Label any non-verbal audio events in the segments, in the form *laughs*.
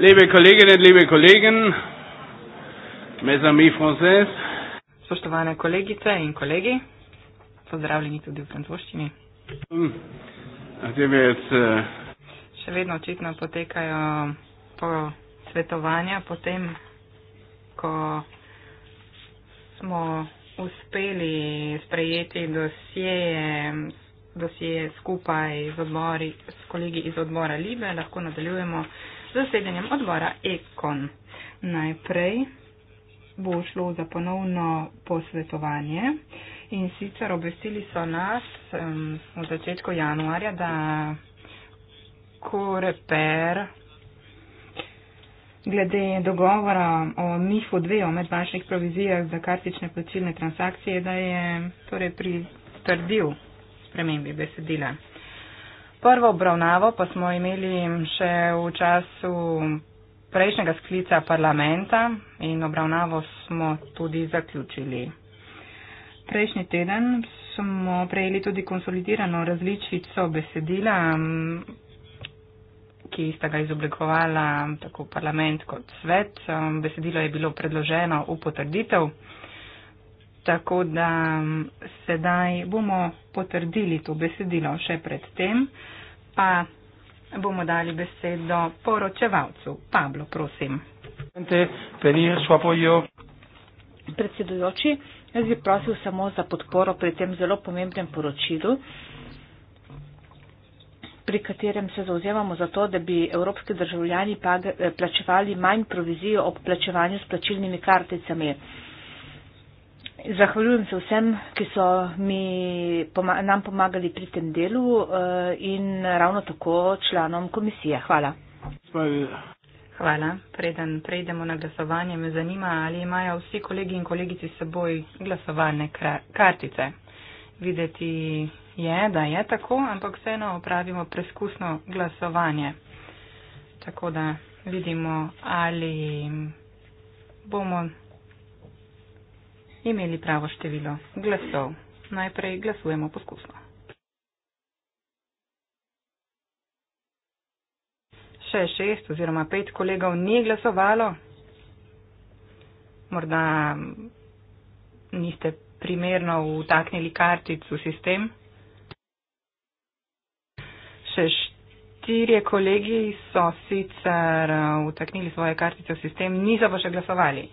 Liebe Kolleginnen, liebe Kollegen, mes amis français. Spoštovane kolegice in kolegi, pozdravljeni tudi v francoščini. Eh, Še vedno očitno potekajo po svetovanja, potem ko smo uspeli sprejeti dosjeje, dosjeje skupaj z, odmori, z kolegi iz odbora Libe, lahko nadaljujemo zasedanjem odbora Ekon. Najprej bo šlo za ponovno posvetovanje in sicer obvestili so nas um, v začetku januarja, da koreper glede dogovora o MIFO 2 o medbančnih provizijah za kartične plačilne transakcije, da je torej pritrdil spremembi besedila. Prvo obravnavo pa smo imeli še v času prejšnjega sklica parlamenta in obravnavo smo tudi zaključili. Prejšnji teden smo prejeli tudi konsolidirano različico besedila, ki sta ga izoblikovala tako parlament kot svet. Besedilo je bilo predloženo v potrditev. Tako da mm, sedaj bomo potrdili to besedilo še predtem, pa bomo dali besedo poročevalcu. Pablo, prosim. Predsedujoči, jaz bi prosil samo za podporo pri tem zelo pomembnem poročilu, pri katerem se zauzemamo za to, da bi evropski državljani eh, plačevali manj provizijo ob plačevanju s plačilnimi karticami. Zahvaljujem se vsem, ki so mi, pomag nam pomagali pri tem delu uh, in ravno tako članom komisije. Hvala. Hvala. Preden prejdemo na glasovanje, me zanima, ali imajo vsi kolegi in kolegici s seboj glasovalne kartice. Videti je, da je tako, ampak vseeno opravimo preskusno glasovanje. Tako da vidimo, ali bomo imeli pravo število glasov. Najprej glasujemo poskusno. Še šest oziroma pet kolegov ni glasovalo. Morda niste primerno vtaknili kartic v sistem. Še štirje kolegi so sicer vtaknili eh, svoje kartice v sistem, niso pa še glasovali.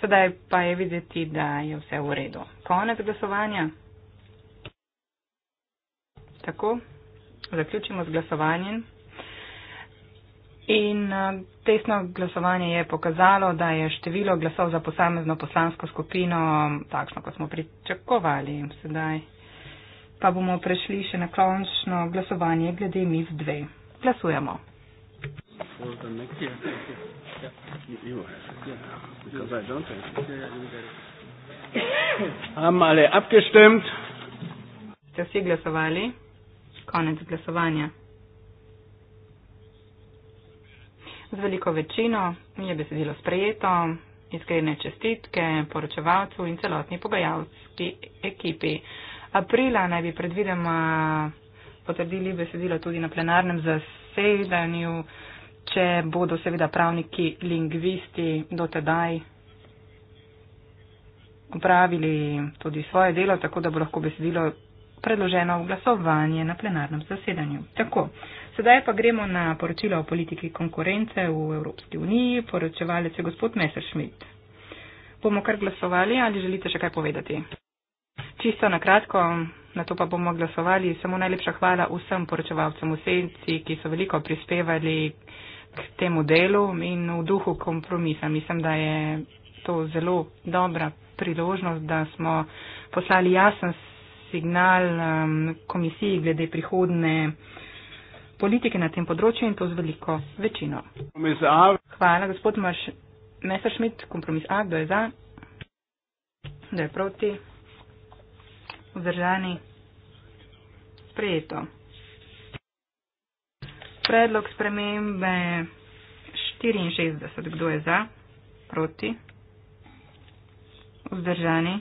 Sedaj pa je videti, da je vse v redu. Konec glasovanja. Tako, zaključimo z glasovanjem. In eh, testno glasovanje je pokazalo, da je število glasov za posamezno poslansko skupino takšno, kot smo pričakovali. Sedaj pa bomo prešli še na končno glasovanje glede MIF 2. Glasujemo was done next year. Yeah. You have. Yeah. Because I don't have. Yeah, yeah, you get it. Haben alle abgestimmt? Ste vsi glasovali? Konec glasovanja. Z veliko večino je besedilo sprejeto. Iskrene čestitke poročevalcu in celotni pogajalski ekipi. Aprila naj bi predvidoma potrdili besedilo tudi na plenarnem zasedanju če bodo seveda pravniki lingvisti dotedaj upravili tudi svoje delo, tako da bo lahko besedilo predloženo v glasovanje na plenarnem zasedanju. Tako, sedaj pa gremo na poročilo o politiki konkurence v Evropski uniji, poročevalec je gospod Messerschmidt. Bomo kar glasovali ali želite še kaj povedati? Čisto na kratko, na to pa bomo glasovali. Samo najlepša hvala vsem poročevalcem v senci, ki so veliko prispevali k temu delu in v duhu kompromisa. Mislim, da je to zelo dobra priložnost, da smo poslali jasen signal um, komisiji glede prihodne politike na tem področju in to z veliko večino. Hvala, gospod Messerschmidt, kompromis A, kdo je za? Kdo je proti? Vzdržani? Prijeto predlog spremembe 64. Kdo je za? Proti? Vzdržani?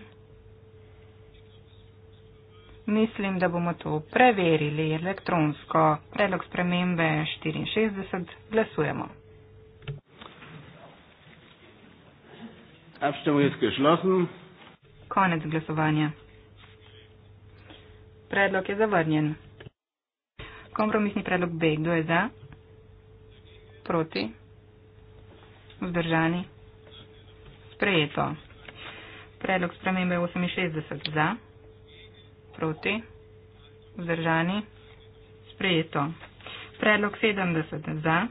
Mislim, da bomo to preverili elektronsko. Predlog spremembe 64. Glasujemo. Konec glasovanja. Predlog je zavrnjen. Kompromisni predlog B. Kdo je za? Proti? Vzdržani? Sprejeto. Predlog spremembe 68 za, proti, vzdržani, sprejeto. Predlog 70 za,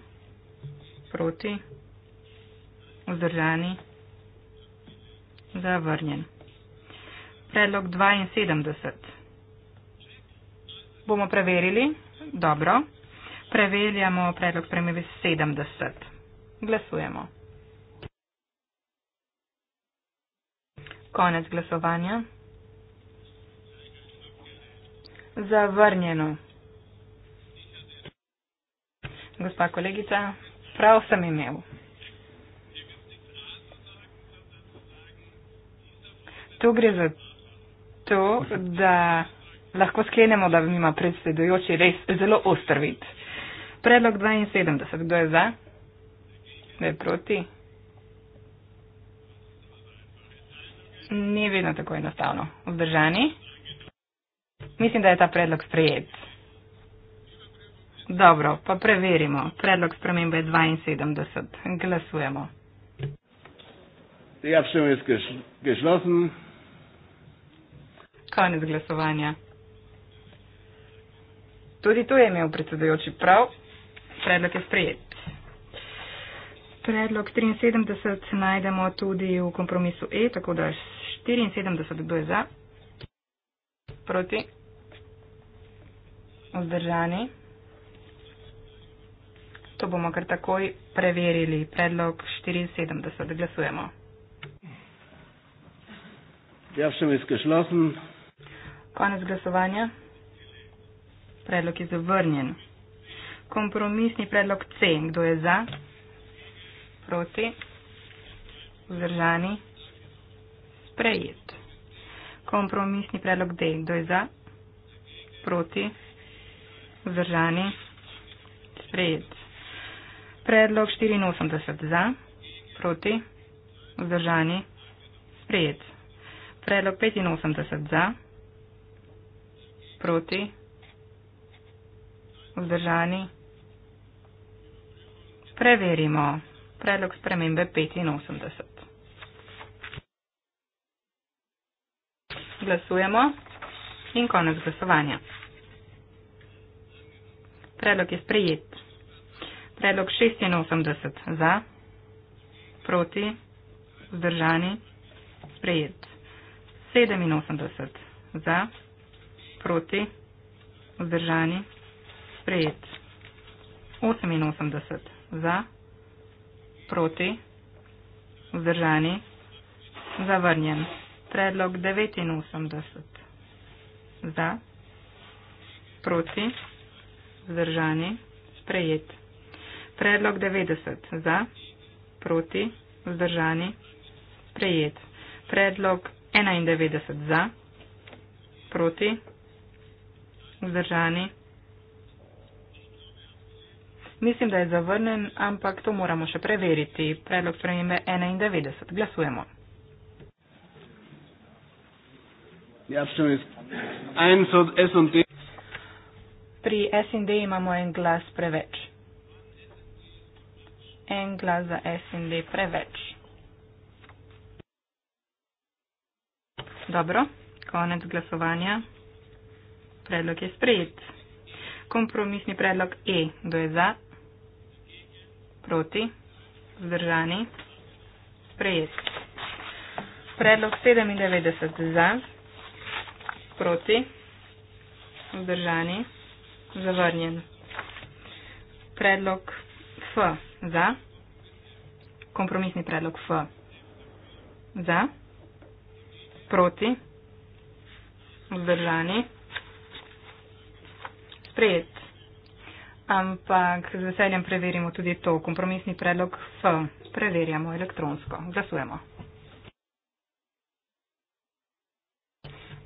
proti, vzdržani, zavrnjen. Predlog 72 bomo preverili. Dobro. Preveljamo predlog spremljive 70. Glasujemo. Konec glasovanja. Zavrnjeno. Gospa kolegica, prav sem imel. Tu gre za to, da lahko sklenemo, da ima predsedujoči res zelo ostr vid. Predlog 72. Kdo je za? Kdo je proti? Ni vedno tako enostavno. Vzdržani? Mislim, da je ta predlog sprejet. Dobro, pa preverimo. Predlog spremembe je 72. Glasujemo. Ja, še vmes, kaj šlo sem? Konec glasovanja. Tudi tu je imel predsedujoči prav. Predlog je sprejet. Predlog 73 najdemo tudi v kompromisu E, tako da 74 B za. Proti. Vzdržani. To bomo kar takoj preverili. Predlog 74. Glasujemo. Ja, še mi skašla sem. Konec glasovanja. Predlog je zavrnjen. Kompromisni predlog C. Kdo je za? Proti? Vzdržani? Sprejet. Kompromisni predlog D. Kdo je za? Proti? Vzdržani? Sprejet. Predlog 84 za, proti, vzdržani, sprejet. Predlog 85 za, proti, vzdržani vzdržani. Preverimo predlog spremembe 85. Glasujemo in konec glasovanja. Predlog je sprejet. Predlog 86 za, proti, vzdržani, sprejet. 87 za, proti, vzdržani, sprejet. 88 za, proti, vzdržani, zavrnjen. Predlog 89 za, proti, vzdržani, sprejet. Predlog 90 za, proti, vzdržani, sprejet. Predlog 91 za, proti, vzdržani, sprejet. Mislim, da je zavrnen, ampak to moramo še preveriti. Predlog spremembe 91. Glasujemo. Ja, Pri SND imamo en glas preveč. En glas za SND preveč. Dobro, konec glasovanja. Predlog je sprejet. Kompromisni predlog E. Kdo je za? proti, vzdržani, sprejet. Predlog 97 za, proti, vzdržani, zavrnjen. Predlog F za, kompromisni predlog F za, proti, vzdržani, sprejet ampak z veseljem preverimo tudi to. Kompromisni predlog F preverjamo elektronsko. Glasujemo.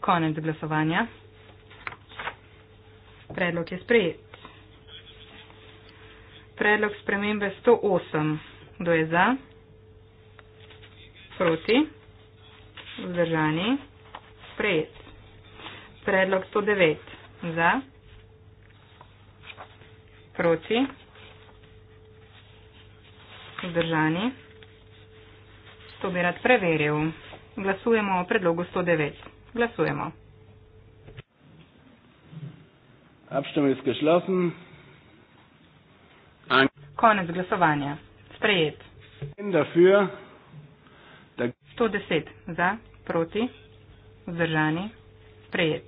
Konec glasovanja. Predlog je sprejet. Predlog spremembe 108. Kdo je za? Proti? Vzdržani? Sprejet. Predlog 109. Za? proti, vzdržani. To bi rad preveril. Glasujemo o predlogu 109. Glasujemo. Konec glasovanja. Sprejet. 110 za, proti, vzdržani, sprejet.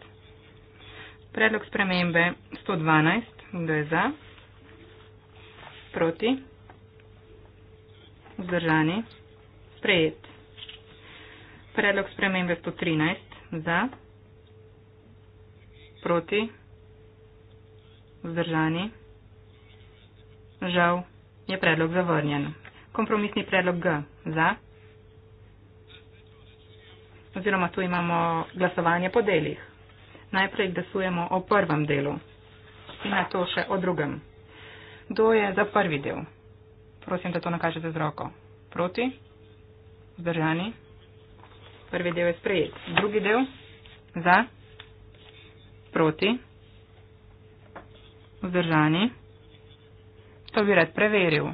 Predlog spremembe 112, kdo je za? proti, vzdržani, sprejet. Predlog spremembe 113, za, proti, vzdržani, žal je predlog zavrnjen. Kompromisni predlog G, za, oziroma tu imamo glasovanje po delih. Najprej glasujemo o prvem delu in na to še o drugem. Kdo je za prvi del? Prosim, da to nakažete z roko. Proti? Zdržani? Prvi del je sprejet. Drugi del? Za? Proti? Zdržani? To bi rad preveril.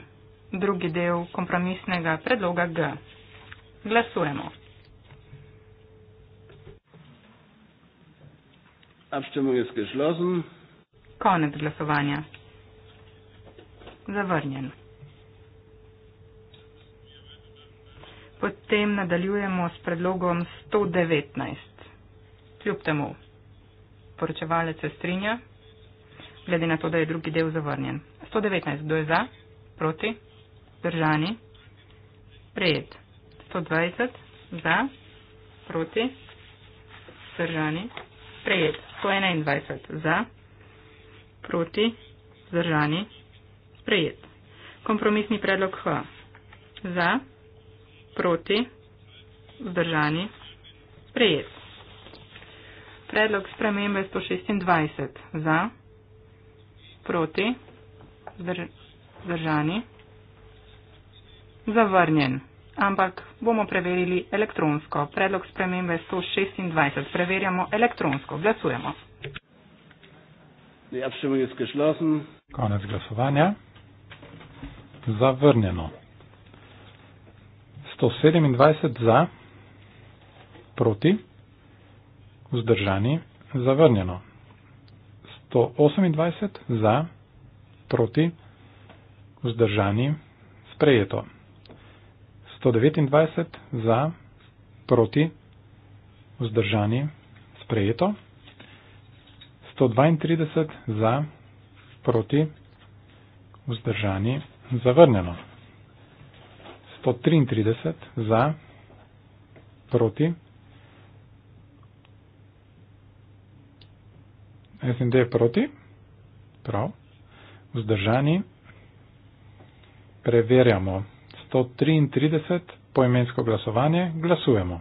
Drugi del kompromisnega predloga G. Glasujemo. Abstimmung ist geschlossen. Konec glasovanja zavrnjen. Potem nadaljujemo s predlogom 119. Kljub temu, poročevalec se strinja, glede na to, da je drugi del zavrnjen. 119. Kdo je za? Proti? Držani? Prejet. 120. Za? Proti? Držani? Prejet. 121. Za? Proti? Držani? sprejet. Kompromisni predlog H. Za, proti, vzdržani, sprejet. Predlog spremembe 126. Za, proti, vzdržani, zavrnjen. Ampak bomo preverili elektronsko. Predlog spremembe 126. Preverjamo elektronsko. Glasujemo. Konec glasovanja zavrnjeno. 127 za, proti, vzdržani, zavrnjeno. 128 za, proti, vzdržani, sprejeto. 129 za, proti, vzdržani, sprejeto. 132 za, proti, vzdržani, sprejeto zavrnjeno. 133 za, proti. SND je proti, prav, vzdržani, preverjamo 133 poimensko glasovanje, glasujemo.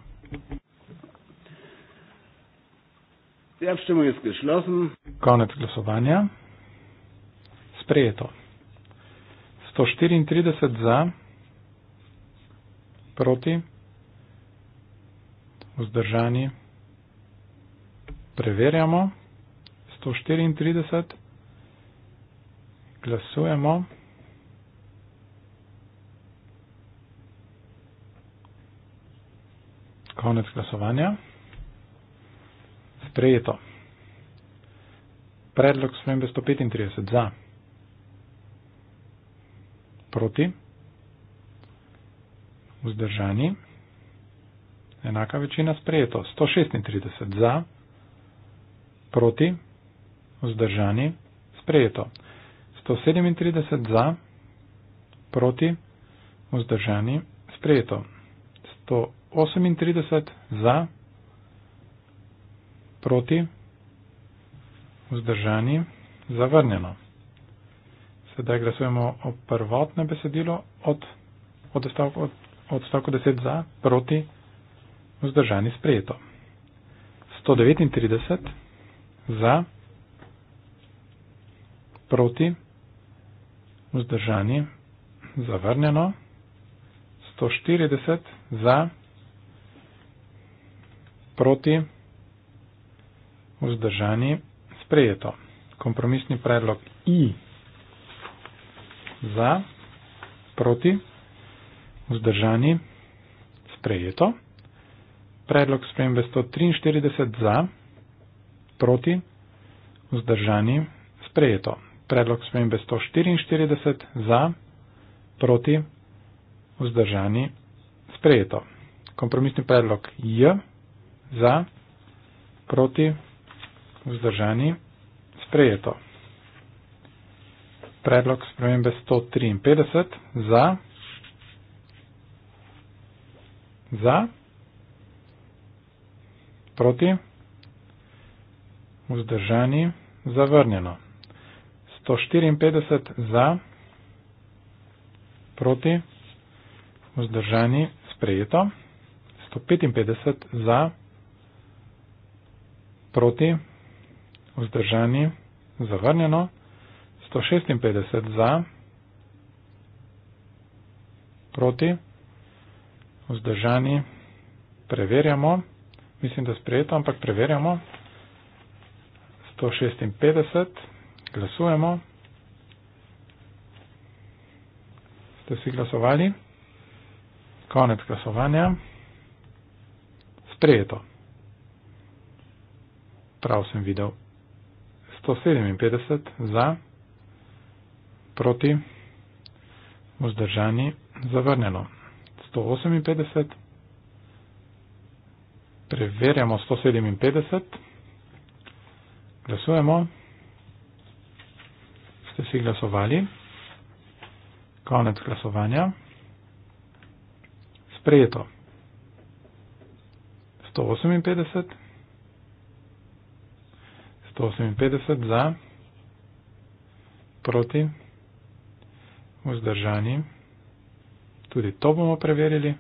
Konec glasovanja, sprejeto. 134 za, proti, vzdržani. Preverjamo. 134. Glasujemo. Konec glasovanja. Sprejeto. Predlog smem 135 za proti, vzdržani, enaka večina sprejeto, 136 za, proti, vzdržani, sprejeto, 137 za, proti, vzdržani, sprejeto, 138 za, proti, vzdržani, zavrnjeno. Sedaj glasujemo o prvotno besedilo od, od, odstavku, od odstavku 10 za proti vzdržani sprejeto. 139 za proti vzdržani zavrnjeno. 140 za proti vzdržani sprejeto. Kompromisni predlog I za, proti, vzdržani, sprejeto. Predlog spremembe 143 za, proti, vzdržani, sprejeto. Predlog spremembe 144 za, proti, vzdržani, sprejeto. Kompromisni predlog J za, proti, vzdržani, sprejeto predlog spremembe 153 za. Za. Proti. Vzdržani. Zavrnjeno. 154 za. Proti. Vzdržani. Sprejeto. 155 za. Proti. Vzdržani. Zavrnjeno. 156 za, proti, vzdržani, preverjamo, mislim, da sprejeto, ampak preverjamo. 156, glasujemo. Ste si glasovali? Konec glasovanja. Sprejeto. Prav sem videl. 157 za proti, vzdržani, zavrnjeno. 158, preverjamo 157, glasujemo, ste si glasovali, konec glasovanja, sprejeto. 158, 158 za, proti, vzdržani. Tudi to bomo preverili.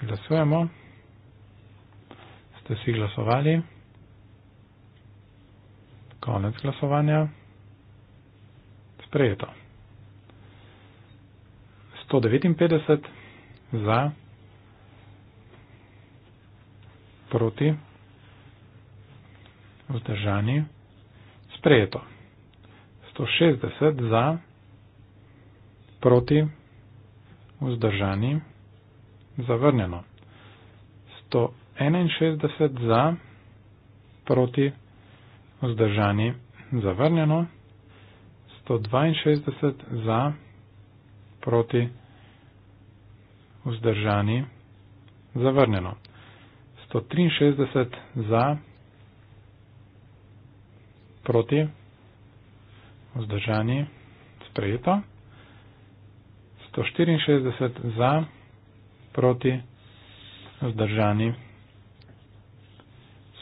Glasujemo. Ste si glasovali? Konec glasovanja. Sprejeto. 159 za, proti, vzdržani. Sprejeto. 160 za, proti, vzdržani, zavrnjeno. 161 za, proti, vzdržani, zavrnjeno. 162 za, proti, vzdržani, zavrnjeno. 163 za, proti, vzdržani, sprejeto. 164 za, proti, vzdržani,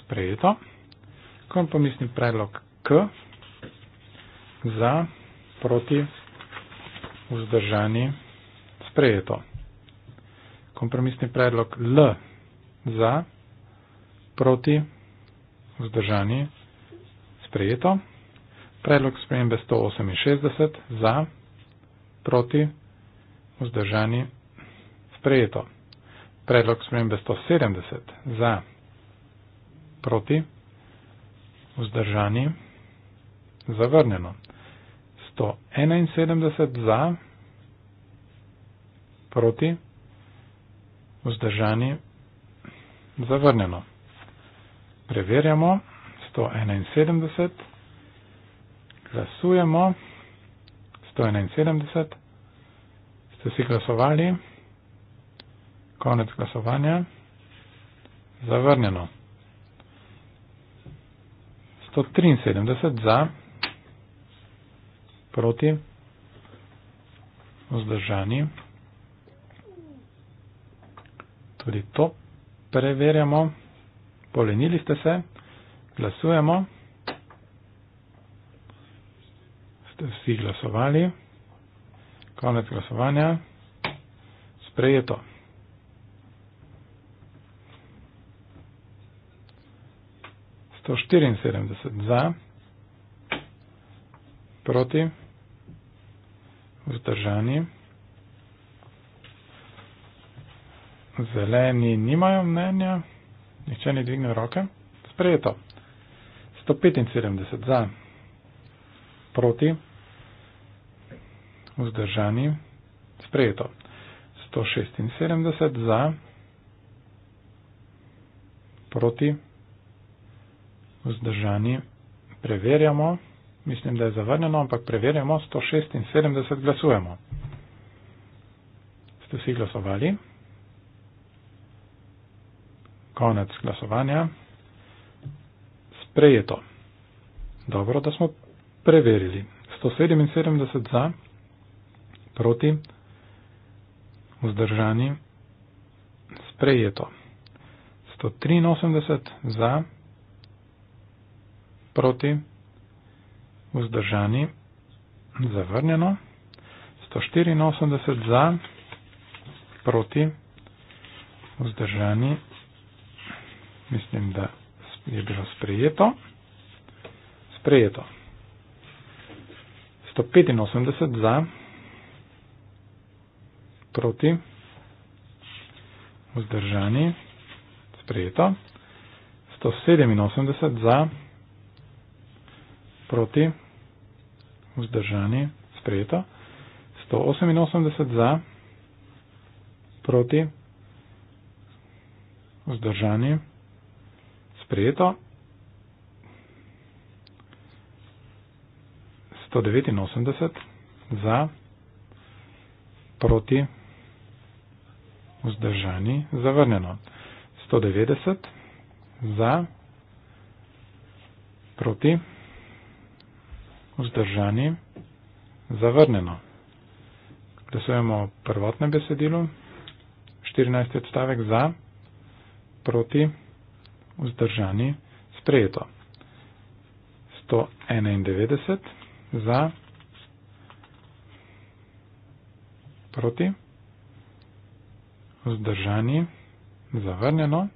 sprejeto. Kompromisni predlog K za, proti, vzdržani, sprejeto. Kompromisni predlog L za, proti, vzdržani, sprejeto. Predlog spremembe 168 za, proti, vzdržani, sprejeto. Predlog spremembe 170 za, proti, vzdržani, zavrnjeno. 171 za, proti, vzdržani, zavrnjeno. Preverjamo 171 za glasujemo. 171. Ste si glasovali? Konec glasovanja. Zavrnjeno. 173 za, proti, vzdržani. Tudi to preverjamo. Polenili ste se. Glasujemo. ste vsi glasovali. Konec glasovanja. Sprejeto. To 74 za, proti, vzdržani, zeleni nimajo mnenja, nihče ni dvignil roke, sprejeto. 175 za, proti, vzdržani, sprejeto. 176 za, proti, vzdržani, preverjamo, mislim, da je zavrnjeno, ampak preverjamo, 176 glasujemo. Ste vsi glasovali? Konec glasovanja. Sprejeto. Dobro, da smo preverili. 177 za proti, vzdržani, sprejeto. 183 za, proti, vzdržani, zavrnjeno. 184 za, proti, vzdržani, mislim, da je bilo sprejeto. Sprejeto. 185 za, proti, vzdržani, zavrnjeno proti, vzdržani, sprejeto, 187 za, proti, vzdržani, sprejeto, 188 za, proti, vzdržani, sprejeto, 189 za, proti, vzdržani, vzdržani, zavrnjeno. 190 za, proti, vzdržani, zavrnjeno. Glasujemo o prvotnem besedilu, 14. odstavek za, proti, vzdržani, sprejeto. 191 za, proti, vzdržani vzdržani, zavrnjeno,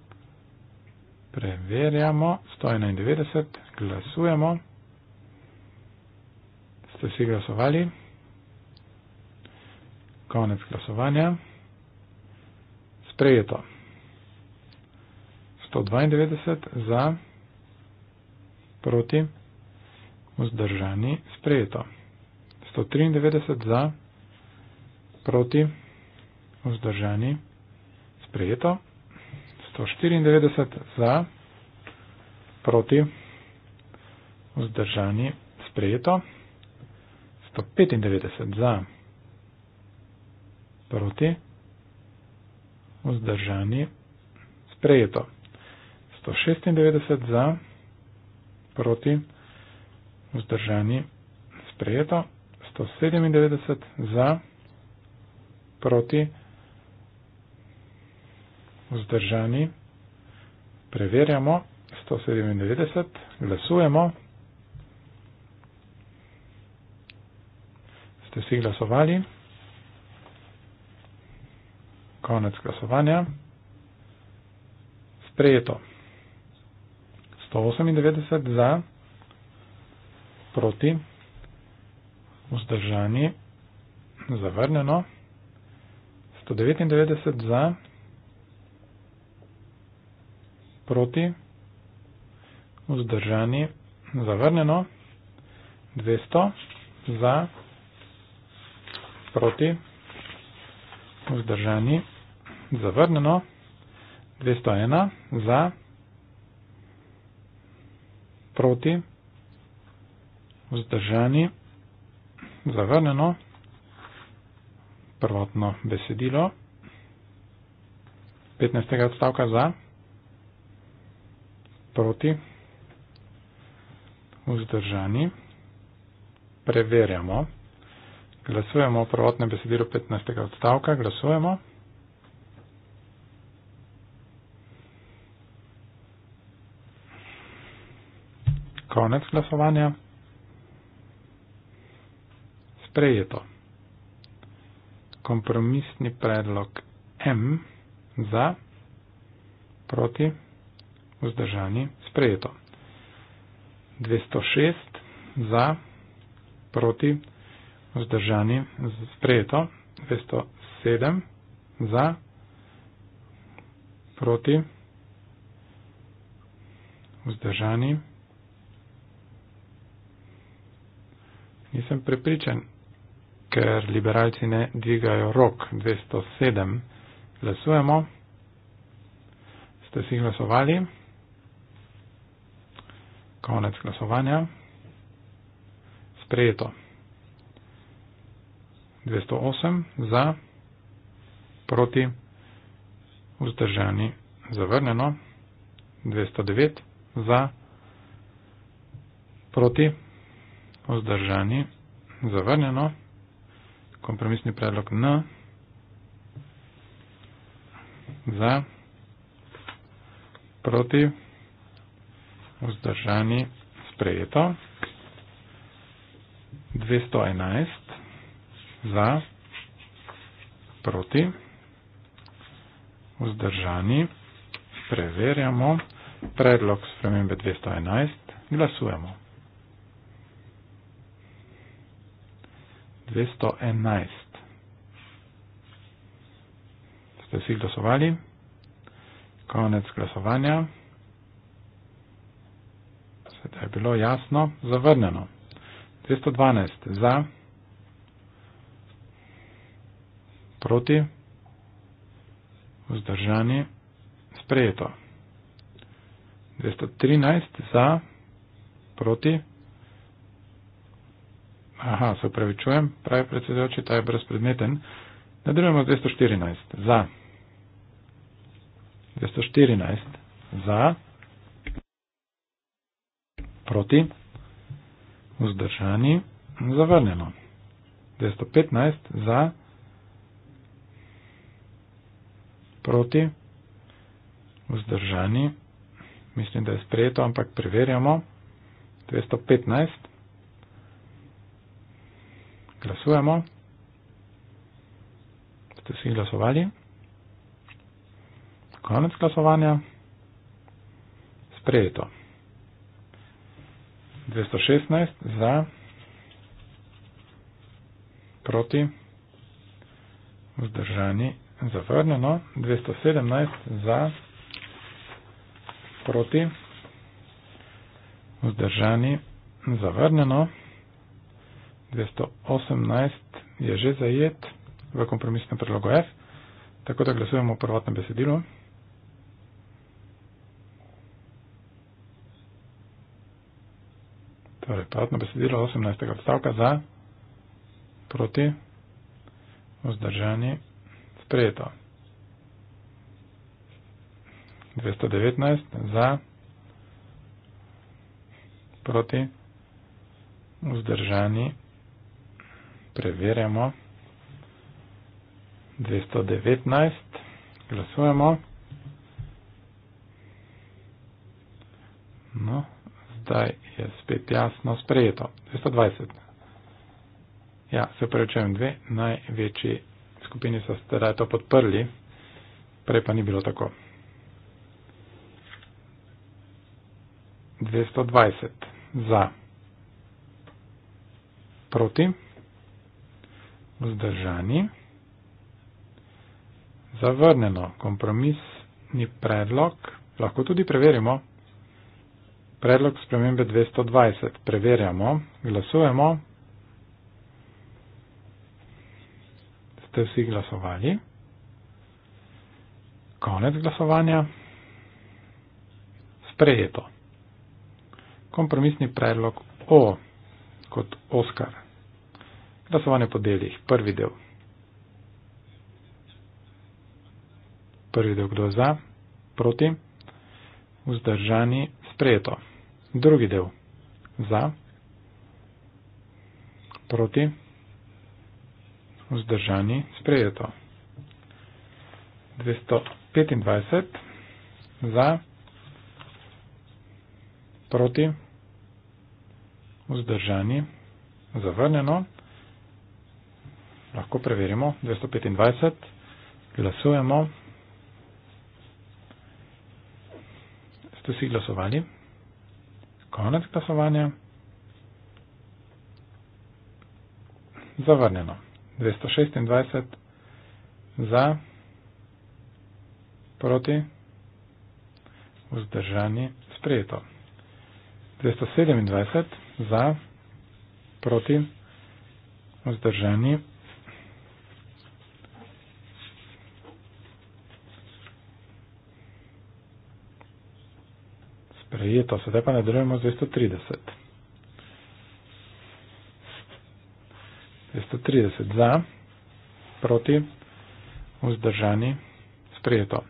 preverjamo, 191, glasujemo. Ste vsi glasovali? Konec glasovanja. Sprejeto. 192 za, proti, vzdržani, sprejeto. 193 za, proti, vzdržani, sprejeto sprejeto. 194 za, proti, vzdržani, sprejeto. 195 za, proti, vzdržani, sprejeto. 196 za, proti, vzdržani, sprejeto. 197 za, proti, vzdržani, sprejeto vzdržani. Preverjamo 197, glasujemo. Ste vsi glasovali? Konec glasovanja. Sprejeto. 198 za, proti, vzdržani, zavrnjeno. 199 za proti, vzdržani, zavrnjeno, 200, za, proti, vzdržani, zavrnjeno, 201, za, proti, vzdržani, zavrnjeno, prvotno besedilo, 15. odstavka za, proti, vzdržani. Preverjamo. Glasujemo o prvotnem besedilu 15. odstavka. Glasujemo. Konec glasovanja. Sprejeto. Kompromisni predlog M za proti vzdržani, sprejeto. 206 za, proti, vzdržani, sprejeto. 207 za, proti, vzdržani. Nisem prepričan, ker liberalci ne dvigajo rok. 207 glasujemo. Ste si glasovali? 207. Konec glasovanja. Sprejeto. 208 za, proti, vzdržani, zavrnjeno. 209 za, proti, vzdržani, zavrnjeno. Kompromisni predlog N za, proti, vzdržani, zavrnjeno vzdržani, sprejeto. 211 za, proti, vzdržani, preverjamo predlog spremembe 211, glasujemo. 211. Ste vsi glasovali? Konec glasovanja da je bilo jasno zavrnjeno. 212 za, proti, vzdržani, sprejeto. 213 za, proti, aha, se upravičujem, pravi predsedujoči, ta je brezpredmeten. Nadaljujemo z 214 za. 214 za proti, vzdržani, zavrnjeno. 215 za, proti, vzdržani, mislim, da je sprejeto, ampak preverjamo. 215, glasujemo. Ste vsi glasovali? Konec glasovanja. Sprejeto. 216 za, proti, vzdržani, zavrnjeno, 217 za, proti, vzdržani, zavrnjeno, 218 je že zajet v kompromisnem predlogu F, tako da glasujemo o prvotnem besedilu. torej pravno besedilo 18. odstavka za, proti, vzdržanje, sprejeto. 219 za, proti, vzdržanje, preverjamo. 219, glasujemo. No zdaj je spet jasno sprejeto. 220. Ja, se prevečujem dve, največji skupini so sedaj to podprli, prej pa ni bilo tako. 220 za, proti, vzdržani, zavrnjeno, kompromisni predlog, lahko tudi preverimo. Predlog spremembe 220. Preverjamo. Glasujemo. Ste vsi glasovali? Konec glasovanja. Sprejeto. Kompromisni predlog O kot Oskar. Glasovanje po delih. Prvi del. Prvi del kdo je za? Proti? Vzdržani? Sprejeto. Drugi del. Za, proti, vzdržani, sprejeto. 225. Za, proti, vzdržani, zavrnjeno. Lahko preverimo. 225. Glasujemo. Ste si glasovali? Konec glasovanja. Zavrnjeno. 226 za, proti, vzdržani, sprejeto. 227 za, proti, vzdržani, Je to, sedaj pa nadaljujemo z 230. 230 za, proti, vzdržani, sprejeto.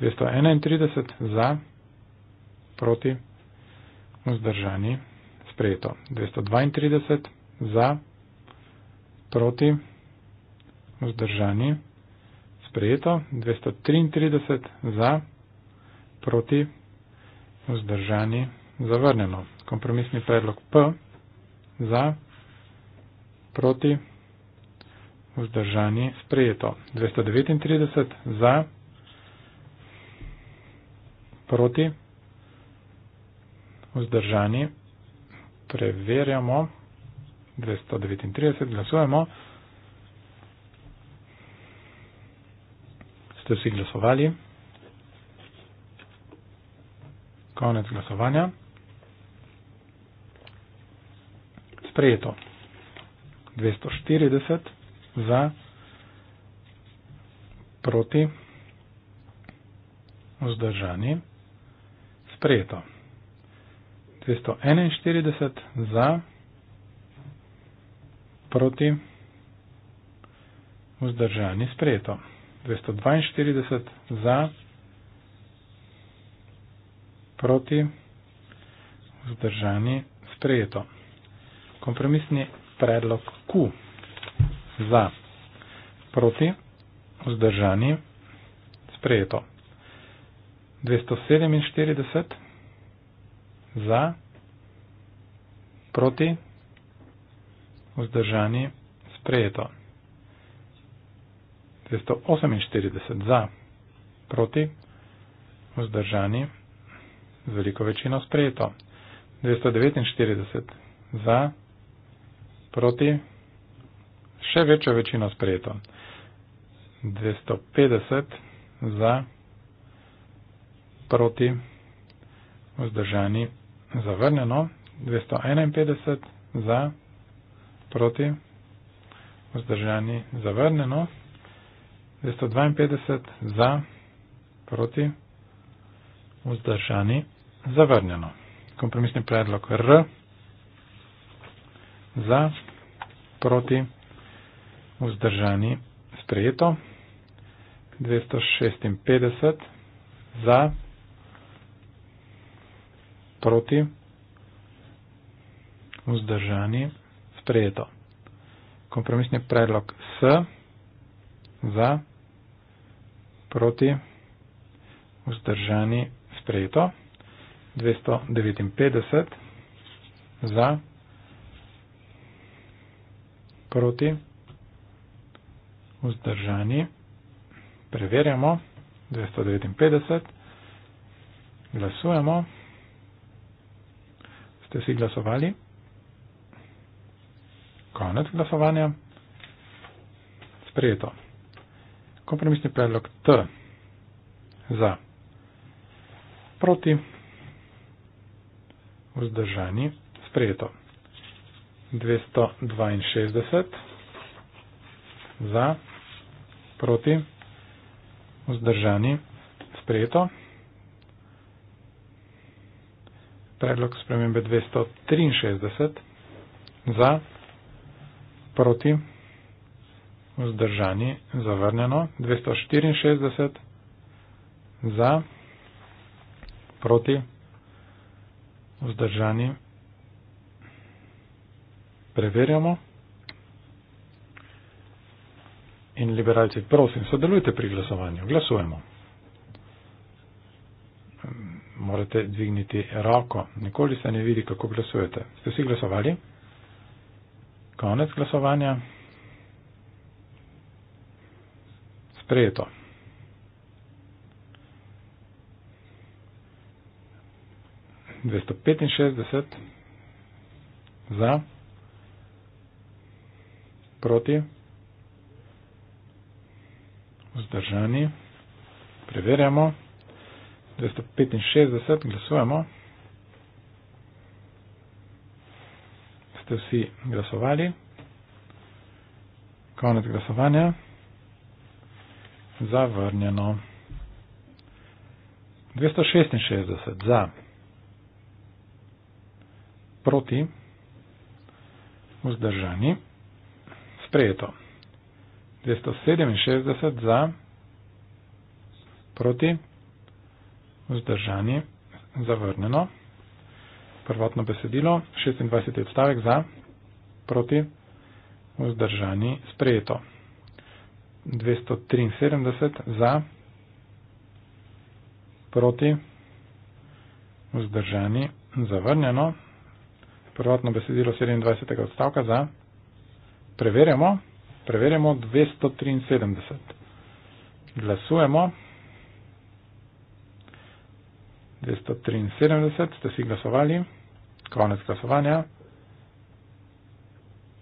231 za, proti, vzdržani, sprejeto. 232 za, proti, vzdržani, sprejeto. 233 za, proti, vzdržani vzdržani, zavrnemo. Kompromisni predlog P za, proti, vzdržani, sprejeto. 239 za, proti, vzdržani, preverjamo. 239 glasujemo. Ste vsi glasovali? Konec glasovanja. Sprejeto. 240 za, proti, vzdržani. Sprejeto. 241 za, proti, vzdržani. Sprejeto. 242 za, proti proti, vzdržani, sprejeto. Kompromisni predlog Q za, proti, vzdržani, sprejeto. 247 za, proti, vzdržani, sprejeto. 248 za, proti, vzdržani, sprejeto z veliko večino sprejeto. 249 za, proti, še večjo večino sprejeto. 250 za, proti, vzdržani, zavrnjeno. 251 za, proti, vzdržani, zavrnjeno. 252 za, proti, vzdržani zavrnjeno. Kompromisni predlog R za, proti, vzdržani, sprejeto. 256 za, proti, vzdržani, sprejeto. Kompromisni predlog S za, proti, vzdržani, sprejeto. 259 za, proti, vzdržani. Preverjamo. 259. Glasujemo. Ste si glasovali? Konec glasovanja. Sprejeto. Kompromisni predlog T za, proti, vzdržani, sprejeto. 262 za, proti, vzdržani, sprejeto. Predlog spremembe 263 za, proti, vzdržani, zavrnjeno. 264 za, proti, vzdržani vzdržani. Preverjamo. In liberalci, prosim, sodelujte pri glasovanju. Glasujemo. Morate dvigniti roko. Nikoli se ne vidi, kako glasujete. Ste vsi glasovali? Konec glasovanja. Sprejeto. 265 za, proti, vzdržani, preverjamo, 265 glasujemo. Ste vsi glasovali? Konec glasovanja. Zavrnjeno. 266 za proti, vzdržani, sprejeto. 267 za, proti, vzdržani, zavrnjeno. Prvotno besedilo, 26. odstavek za, proti, vzdržani, sprejeto. 273 za, proti, vzdržani, zavrnjeno prvotno besedilo 27. odstavka za. Preverjamo, preverjamo 273. Glasujemo. 273 ste si glasovali, konec glasovanja,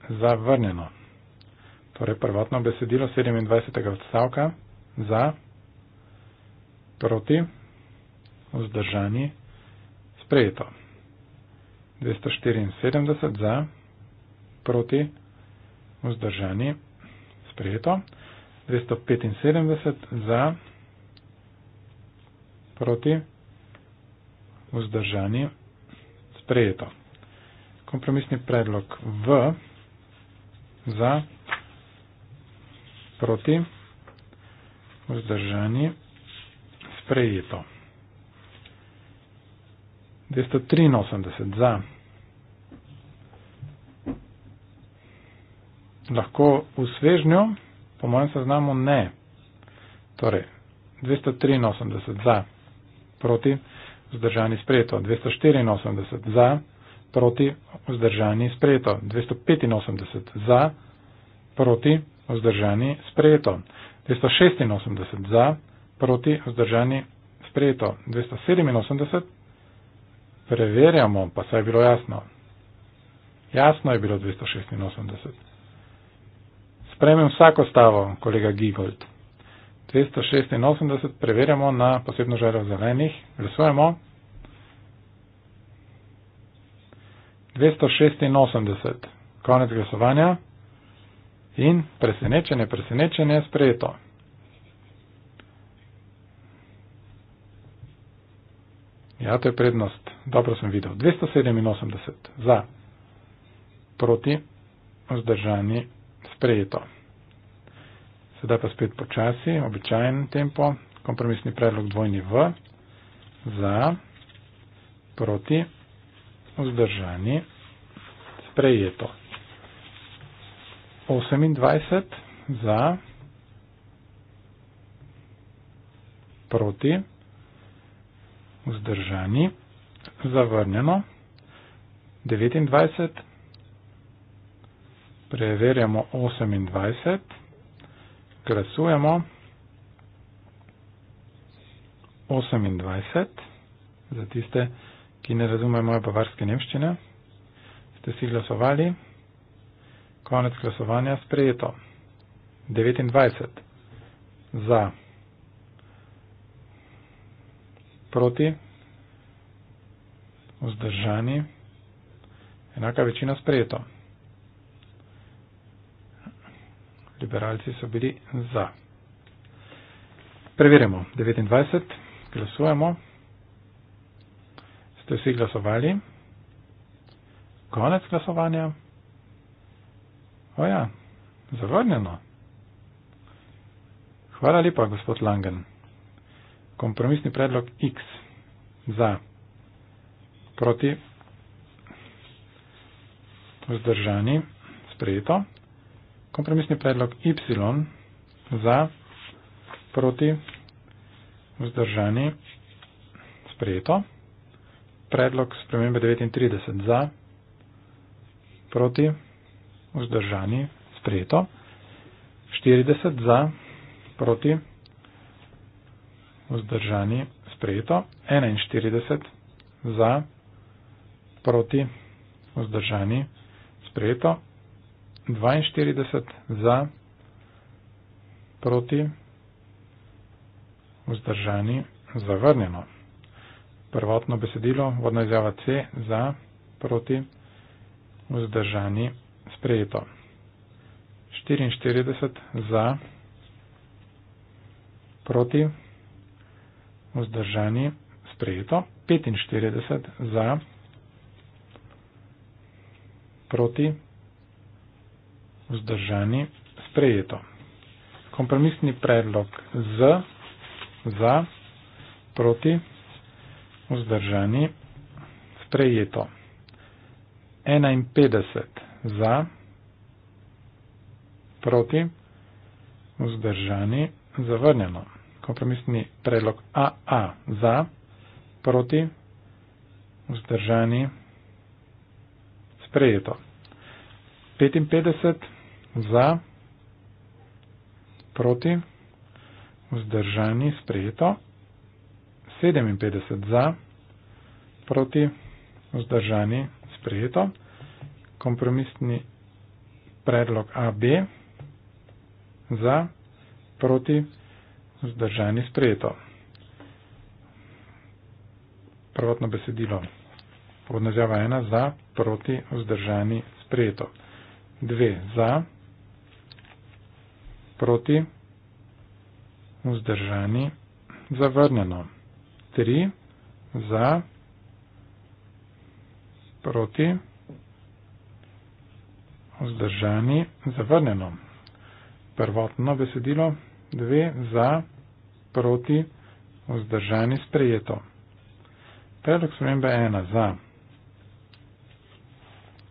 zavrnjeno. Torej prvotno besedilo 27. odstavka za, proti, vzdržani, sprejeto. 274 za, proti, vzdržani, sprejeto. 275 za, proti, vzdržani, sprejeto. Kompromisni predlog V za, proti, vzdržani, sprejeto. 283 za. Lahko v svežnju, po mojem seznamu ne. Torej, 283 za, proti, vzdržani sprejeto. 284 za, proti, vzdržani sprejeto. 285 za, proti, vzdržani sprejeto. 286 za, proti, vzdržani sprejeto. 287 preverjamo, pa se je bilo jasno. Jasno je bilo 286. Spremem vsako stavo, kolega Gigold. 286 preverjamo na posebno žaro zelenih, glasujemo. 286, konec glasovanja in presenečenje, presenečenje, sprejeto. Ja, to je prednost. Dobro sem videl. 287 za, proti, vzdržani, sprejeto. Sedaj pa spet počasi, običajen tempo, kompromisni predlog dvojni v, za, proti, vzdržani, sprejeto. 28 za, proti, vzdržani, sprejeto vzdržani, zavrnjeno, 29, preverjamo 28, glasujemo 28, za tiste, ki ne razumejo moje bavarske nemščine, ste si glasovali, konec glasovanja sprejeto, 29, za 28. proti, vzdržani, enaka večina sprejeto. Liberalci so bili za. Preverimo. 29. Glasujemo. Ste vsi glasovali? Konec glasovanja. Oja, zavrnjeno. Hvala lepa, gospod Langen kompromisni predlog X za proti vzdržani sprejeto, kompromisni predlog Y za proti vzdržani sprejeto, predlog spremembe 39 za proti vzdržani sprejeto, 40 za proti vzdržani sprejeto, vzdržani, sprejeto, 41 za, proti, vzdržani, sprejeto, 42 za, proti, vzdržani, zavrnjeno. Prvotno besedilo, vodna izjava C, za, proti, vzdržani, sprejeto. 44 za, proti, vzdržani, sprejeto vzdržani, sprejeto, 45 za, proti, vzdržani, sprejeto. Kompromisni predlog z, za, proti, vzdržani, sprejeto. 51 za, proti, vzdržani, zavrnjeno kompromisni predlog AA za, proti, vzdržani, sprejeto. 55 za, proti, vzdržani, sprejeto. 57 za, proti, vzdržani, sprejeto. Kompromisni predlog AB za, proti, vzdržani zdržani sprejeto. Prvotno besedilo. Podnezjava ena za, proti, vzdržani, sprejeto. Dve za, proti, vzdržani, zavrnjeno. Tri za, proti, vzdržani, zavrnjeno. Prvotno besedilo. Dve za, proti, vzdržani, zavrnjeno proti, vzdržani sprejeto. Predlog spremembe ena za,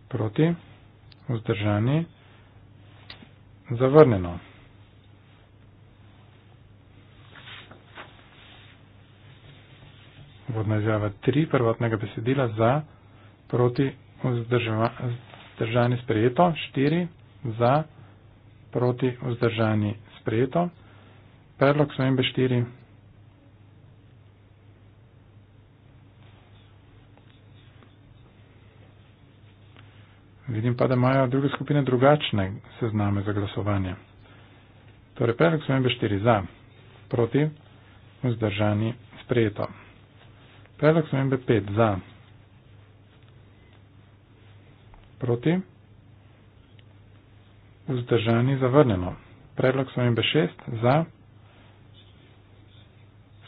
proti, vzdržani, zavrnjeno. Vodna izjava tri prvotnega besedila za, proti, vzdržani sprejeto, štiri za, proti, vzdržani sprejeto. Predlog spremembe 4. Vidim pa, da imajo druge skupine drugačne sezname za glasovanje. Torej, predlog spremembe 4 za, proti, vzdržani, sprejeto. Predlog spremembe 5 za, proti, vzdržani, zavrnjeno. Predlog spremembe 6 za, proti.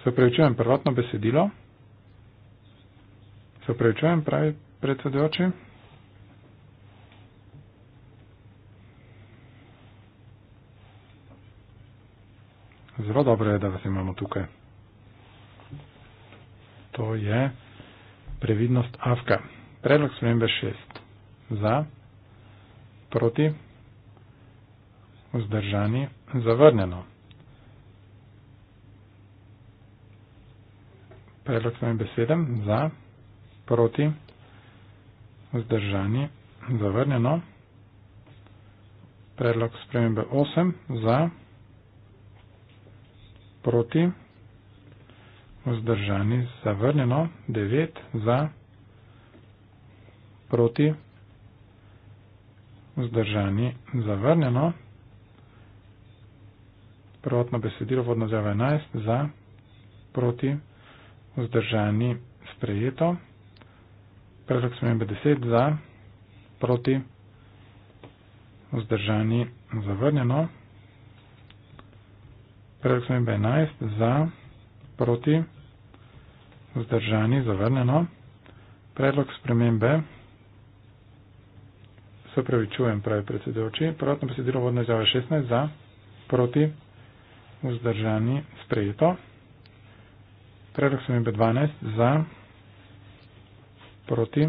Se upravičujem, prvotno besedilo. Se upravičujem, pravi predsedujoči. Zelo dobro je, da vas imamo tukaj. To je previdnost AFKA. Predlog spremembe 6. Za, proti, vzdržani, zavrnjeno. Predlog svojim besedam za, proti, vzdržani, zavrnjeno. Predlog spremembe 8 za, proti, vzdržani, zavrnjeno. 9 za, proti, vzdržani, zavrnjeno. Prvotno besedilo vodno zjava 11 za, proti, vzdržani vzdržani, sprejeto. Predlog spremembe 10 za, proti, vzdržani, zavrnjeno. Predlog spremembe 11 za, proti, vzdržani, zavrnjeno. Predlog spremembe se pravičujem, pravi predsedujoči. Prvotno besedilo vodne izjave 16 za, proti, vzdržani, sprejeto. Predlog sem imel 12 za, proti,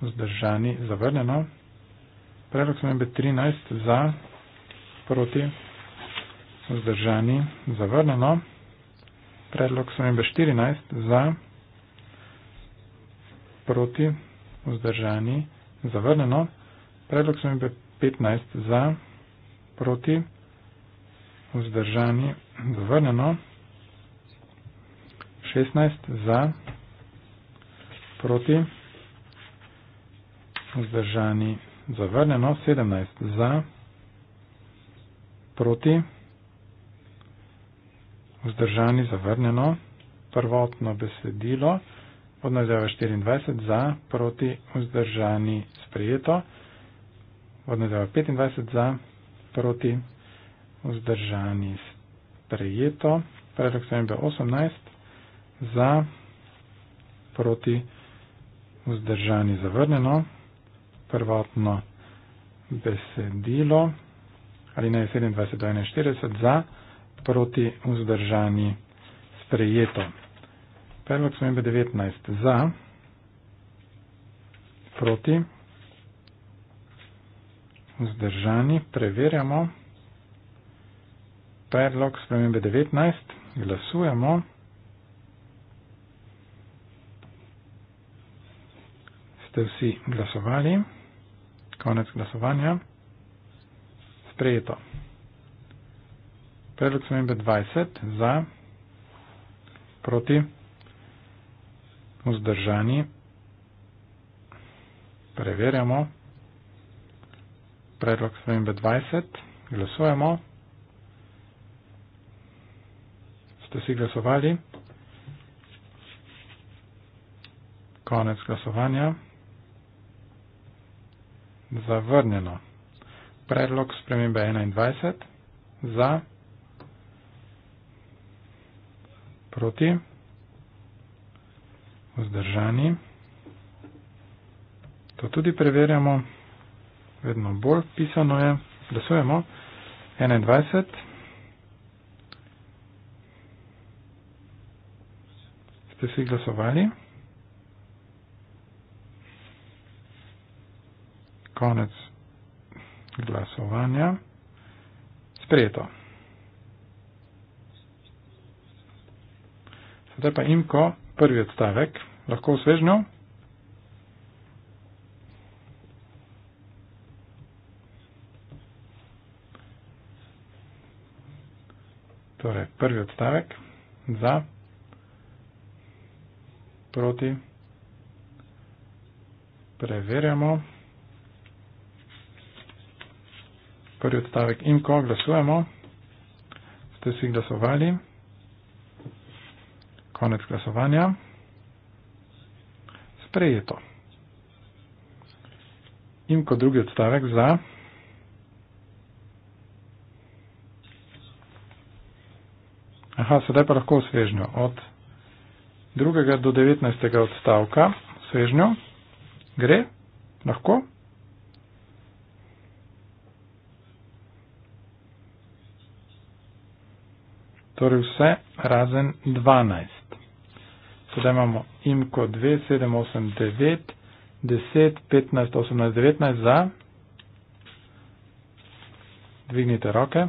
vzdržani, zavrnjeno. Predlog sem imel 13 za, proti, vzdržani, zavrnjeno. Predlog sem imel 14 za, proti, vzdržani, zavrnjeno. Predlog sem imel 15 za, proti, vzdržani, zavrnjeno. Predlog sem imel 15 za, proti, vzdržani, zavrnjeno. 16 za, proti, vzdržani, zavrnjeno, 17 za, proti, vzdržani, zavrnjeno, prvotno besedilo, odnadeva 24 za, proti, vzdržani, sprejeto, odnadeva 25 za, proti, vzdržani, sprejeto, predlog sprejeto 18 za, proti, vzdržani, zavrnjeno. Prvotno besedilo ali naj 27 do 41 za, proti, vzdržani, sprejeto. Predlog spremembe 19 za, proti, vzdržani, preverjamo. Predlog spremembe 19 glasujemo. ste vsi glasovali. Konec glasovanja. Sprejeto. Predlog smembe 20 za, proti, vzdržani. Preverjamo. Predlog smembe 20. Glasujemo. Ste si glasovali? Konec glasovanja. Zavrnjeno. Predlog spremembe 21. Za. Proti. Vzdržani. To tudi preverjamo. Vedno bolj pisano je. Glasujemo. 21. Ste si glasovali? konec glasovanja. Sprejeto. Zdaj pa imko, prvi odstavek, lahko svežnjo. Torej, prvi odstavek za, proti, preverjamo. prvi odstavek in ko glasujemo, ste si glasovali, konec glasovanja, sprejeto. In ko drugi odstavek za, aha, sedaj pa lahko svežnjo, od drugega do devetnajstega odstavka svežnjo gre, lahko. torej vse razen 12. Sedaj imamo imko 2, 7, 8, 9, 10, 15, 18, 19 za. Dvignite roke.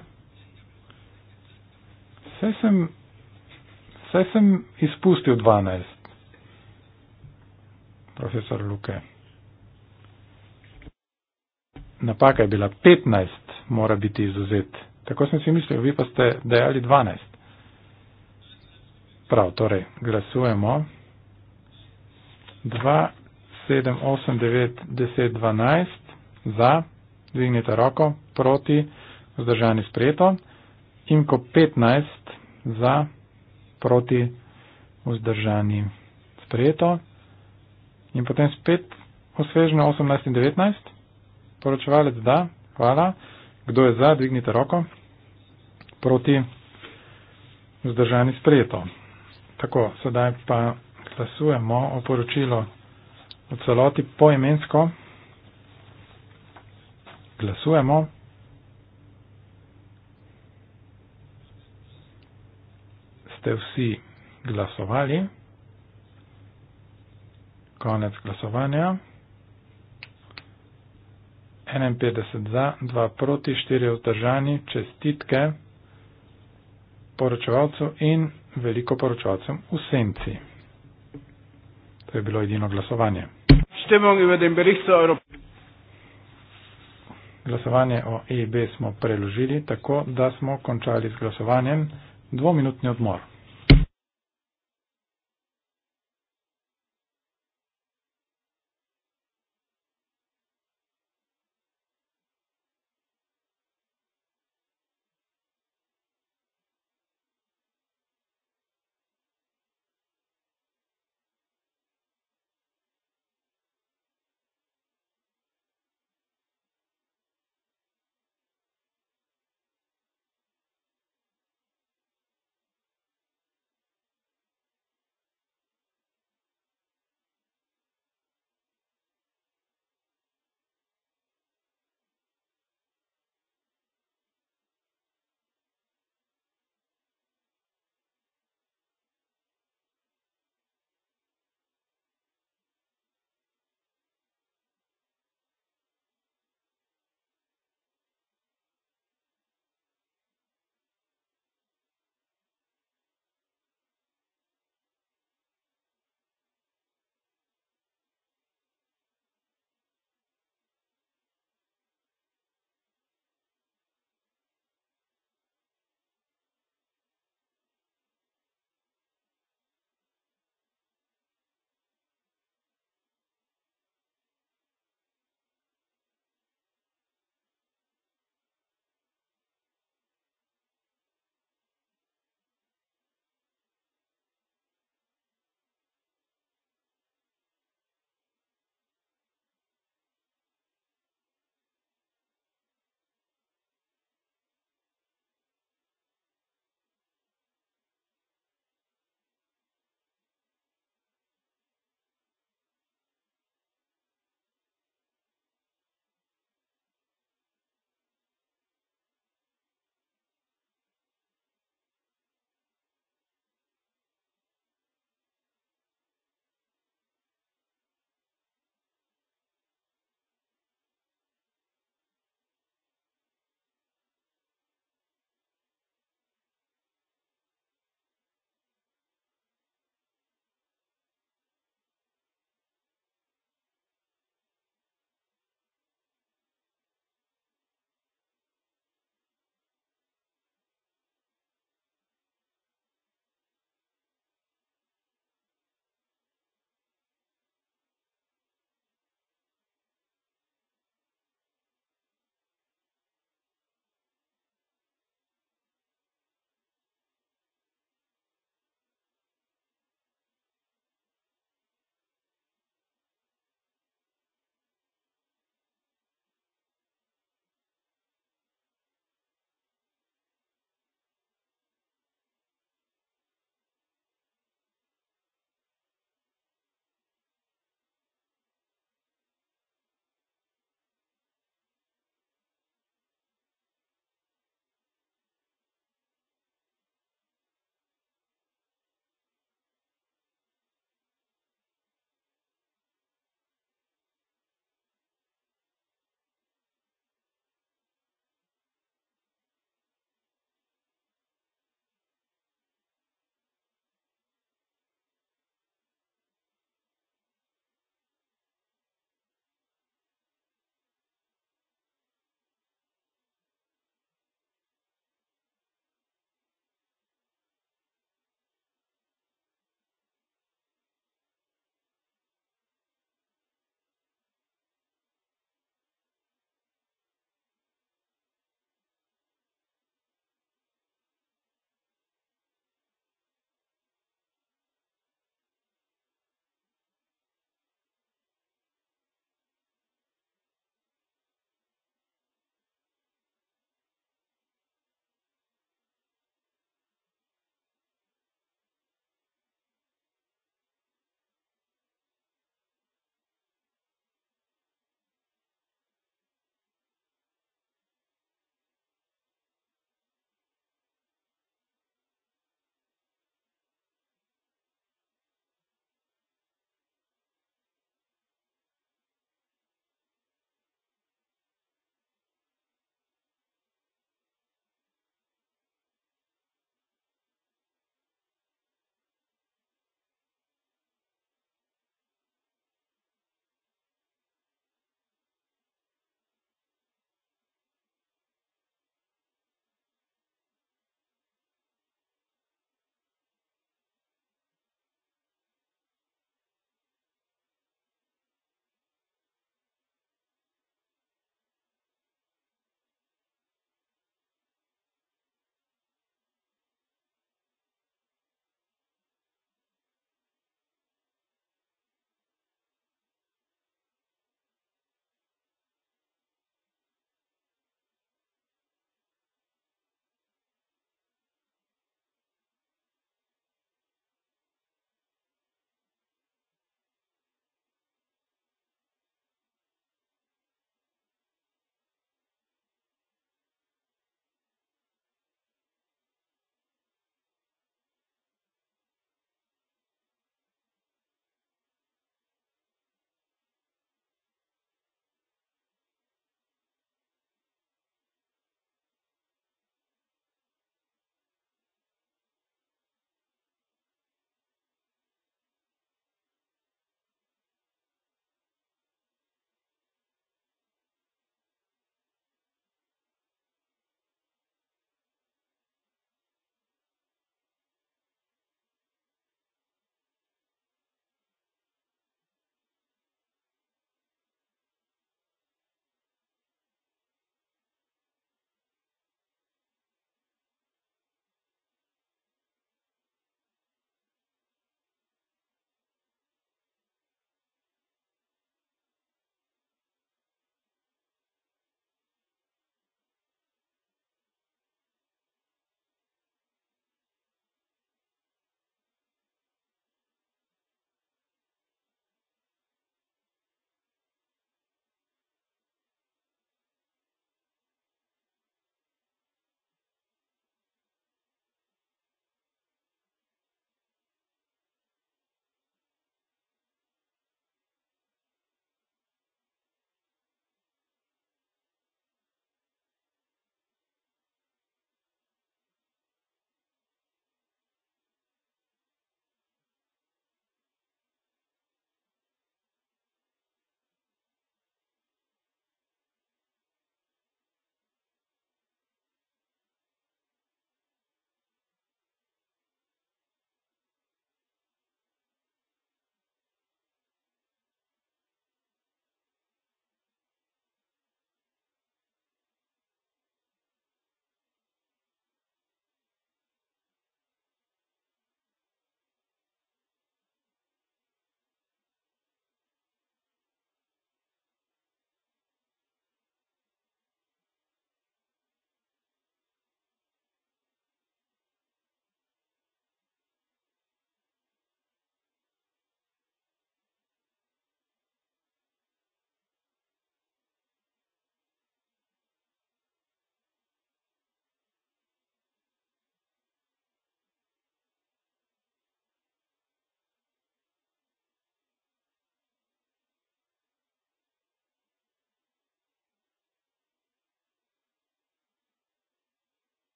Vse sem, vse sem izpustil 12. Profesor Luke. Napaka je bila 15, mora biti izuzet. Tako sem si mislil, vi pa ste dejali 12. Prav, torej, glasujemo. 2, 7, 8, 9, 10, 12 za, dvignite roko, proti, vzdržani sprejeto. In ko 15 za, proti, vzdržani sprejeto. In potem spet osvežno 18 in 19. Poročevalec da, hvala. Kdo je za, dvignite roko. Proti, vzdržani sprejeto. Tako, sedaj pa glasujemo o poročilo v celoti poimensko. Glasujemo. Ste vsi glasovali? Konec glasovanja. 51 za, 2 proti, 4 vzdržani, čestitke poročevalcu in veliko poročavcem v senci. To je bilo edino glasovanje. Glasovanje o EIB smo preložili tako, da smo končali z glasovanjem dvominutni odmor.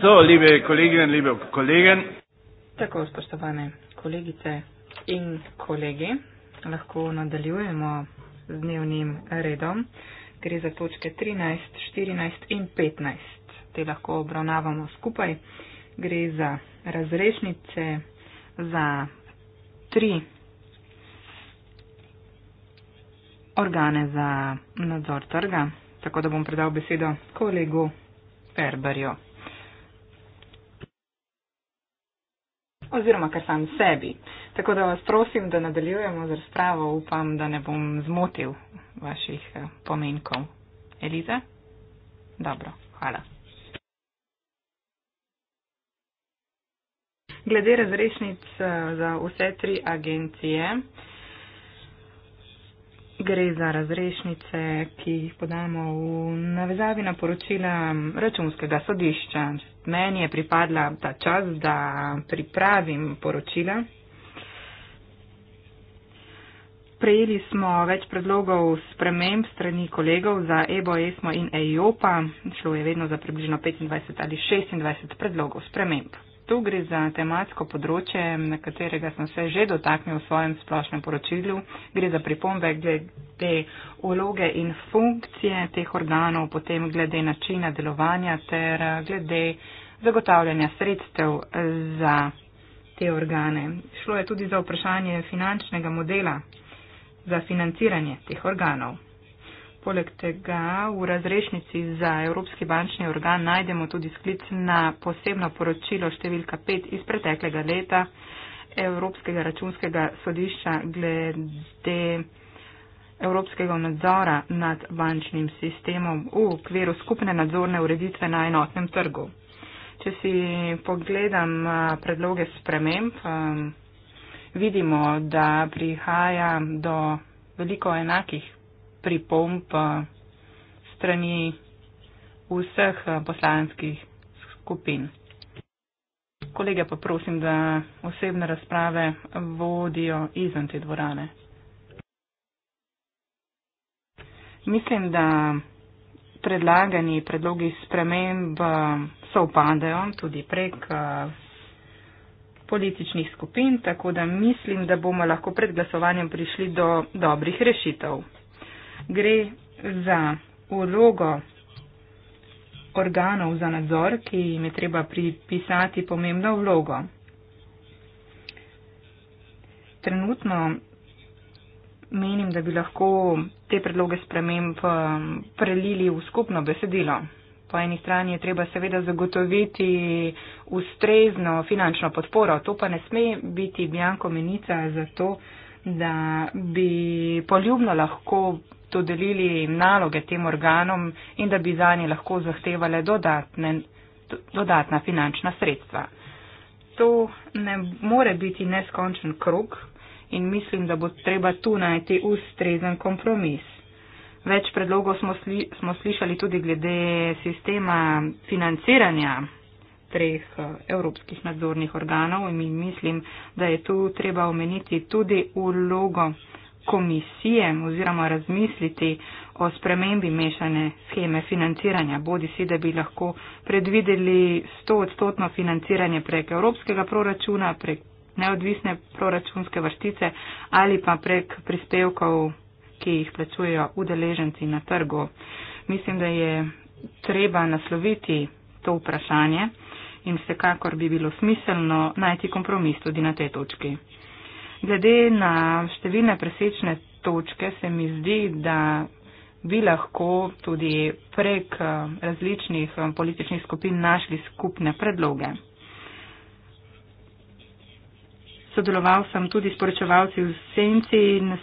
So, liebe Kolleginnen, liebe Kollegen. Tako, spoštovane kolegice in kolegi, lahko nadaljujemo z dnevnim redom. Gre za točke 13, 14 in 15. Te lahko obravnavamo skupaj. Gre za razrešnice, za tri organe za nadzor trga. Tako da bom predal besedo kolegu Ferberju. Oziroma, kar sam sebi. Tako da vas prosim, da nadaljujemo z razpravo. Upam, da ne bom zmotil vaših eh, pomenkov. Eliza? Dobro, hvala. Glede razrešnic eh, za vse tri agencije. Gre za razrešnice, ki jih podamo v navezavi na poročila računskega sodišča. Meni je pripadla ta čas, da pripravim poročila. Prejeli smo več predlogov sprememb strani kolegov za EBO, ESMO in EIOPA. Šlo je vedno za približno 25 ali 26 predlogov sprememb tu gre za tematsko področje, na katerega sem se že dotaknil v svojem splošnem poročilu. Gre za pripombe glede uloge in funkcije teh organov, potem glede načina delovanja ter eh, glede zagotavljanja sredstev za te organe. Šlo je tudi za vprašanje finančnega modela za financiranje teh organov. Poleg tega v razrešnici za Evropski bančni organ najdemo tudi sklic na posebno poročilo številka 5 iz preteklega leta Evropskega računskega sodišča glede Evropskega nadzora nad bančnim sistemom v okviru skupne nadzorne ureditve na enotnem trgu. Če si pogledam predloge sprememb, vidimo, da prihaja do veliko enakih pripomb eh, strani vseh eh, poslanskih skupin. Kolege pa prosim, da osebne razprave vodijo izven te dvorane. Mislim, da predlagani predlogi sprememb eh, so upadajo tudi prek političnih skupin, tako da mislim, da bomo lahko pred glasovanjem prišli do dobrih rešitev gre za urogo organov za nadzor, ki jim je treba pripisati pomembno vlogo. Trenutno menim, da bi lahko te predloge sprememb um, prelili v skupno besedilo. Po eni strani je treba seveda zagotoviti ustrezno finančno podporo, to pa ne sme biti bjankomenica za to, da bi poljubno lahko dodelili naloge tem organom in da bi za nje lahko zahtevale dodatne, dodatna finančna sredstva. To ne more biti neskončen krug in mislim, da bo treba tu najti ustrezen kompromis. Več predlogov smo, sli, smo slišali tudi glede sistema financiranja treh eh, evropskih nadzornih organov in mislim, da je tu treba omeniti tudi vlogo komisije oziroma razmisliti o spremembi mešane scheme financiranja, bodi si, da bi lahko predvideli 100 odstotno financiranje prek evropskega proračuna, prek neodvisne proračunske vrstice ali pa prek prispevkov, ki jih plačujejo udeleženci na trgu. Mislim, da je treba nasloviti to vprašanje in vsekakor bi bilo smiselno najti kompromis tudi na tej točki. Glede na številne presečne točke se mi zdi, da bi lahko tudi prek eh, različnih eh, političnih skupin našli skupne predloge. Sodeloval sem tudi s poročevalci v Senci in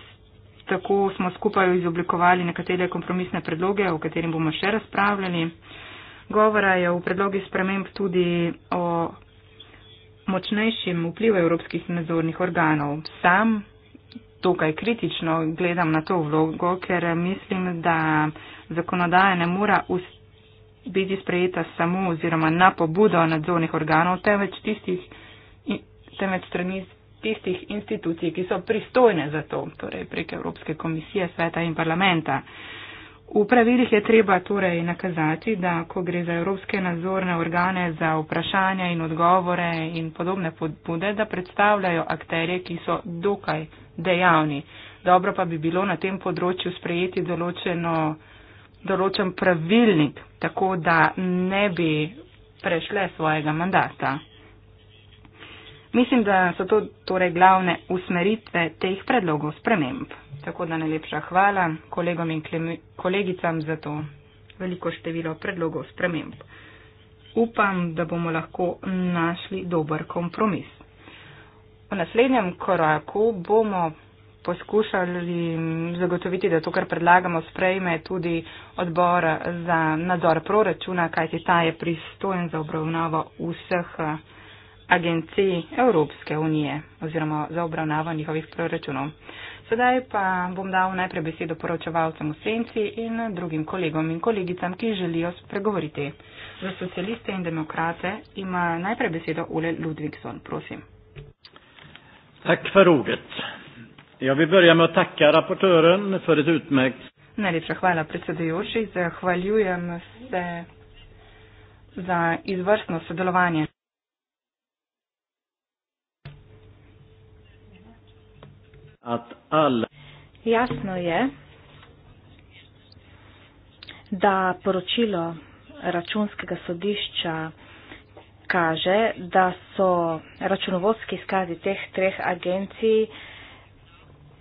tako smo skupaj izoblikovali nekatere kompromisne predloge, o katerim bomo še razpravljali. Govora je v predlogi sprememb tudi o močnejšim vpliv evropskih nadzornih organov. Sam dokaj kritično gledam na to vlogo, ker mislim, da zakonodaja ne mora biti sprejeta samo oziroma na pobudo nadzornih organov, temveč tistih, temveč strani tistih institucij, ki so pristojne za to, torej prek Evropske komisije, sveta in parlamenta. Uh, V pravilih je treba torej nakazati, da ko gre za evropske nadzorne organe za vprašanja in odgovore in podobne pobude, da predstavljajo akterje, ki so dokaj dejavni. Dobro pa bi bilo na tem področju sprejeti določeno, določen pravilnik, tako da ne bi prešle svojega mandata. Mislim, da so to torej glavne usmeritve teh predlogov sprememb. Tako da najlepša hvala kolegom in kolegicam za to veliko število predlogov sprememb. Upam, da bomo lahko našli dober kompromis. V naslednjem koraku bomo poskušali zagotoviti, da to, kar predlagamo, sprejme tudi odbor za nadzor proračuna, kajti ta je pristojen za obravnavo vseh eh, agencij Evropske unije oziroma za obravnavo njihovih proračunov. Sedaj pa bom dal najprej besedo poročevalcem v senci in drugim kolegom in kolegicam, ki želijo spregovoriti. Za socialiste in demokrate ima najprej besedo Ule Ludvigson. Prosim. Tak för ordet. Jag vill börja med att tacka rapportören för ett utmärkt... Najlepša hvala predsedujoči, zahvaljujem se za izvrstno sodelovanje. at alle. Jasno je, da poročilo računskega sodišča kaže, da so računovodski skazi teh treh agencij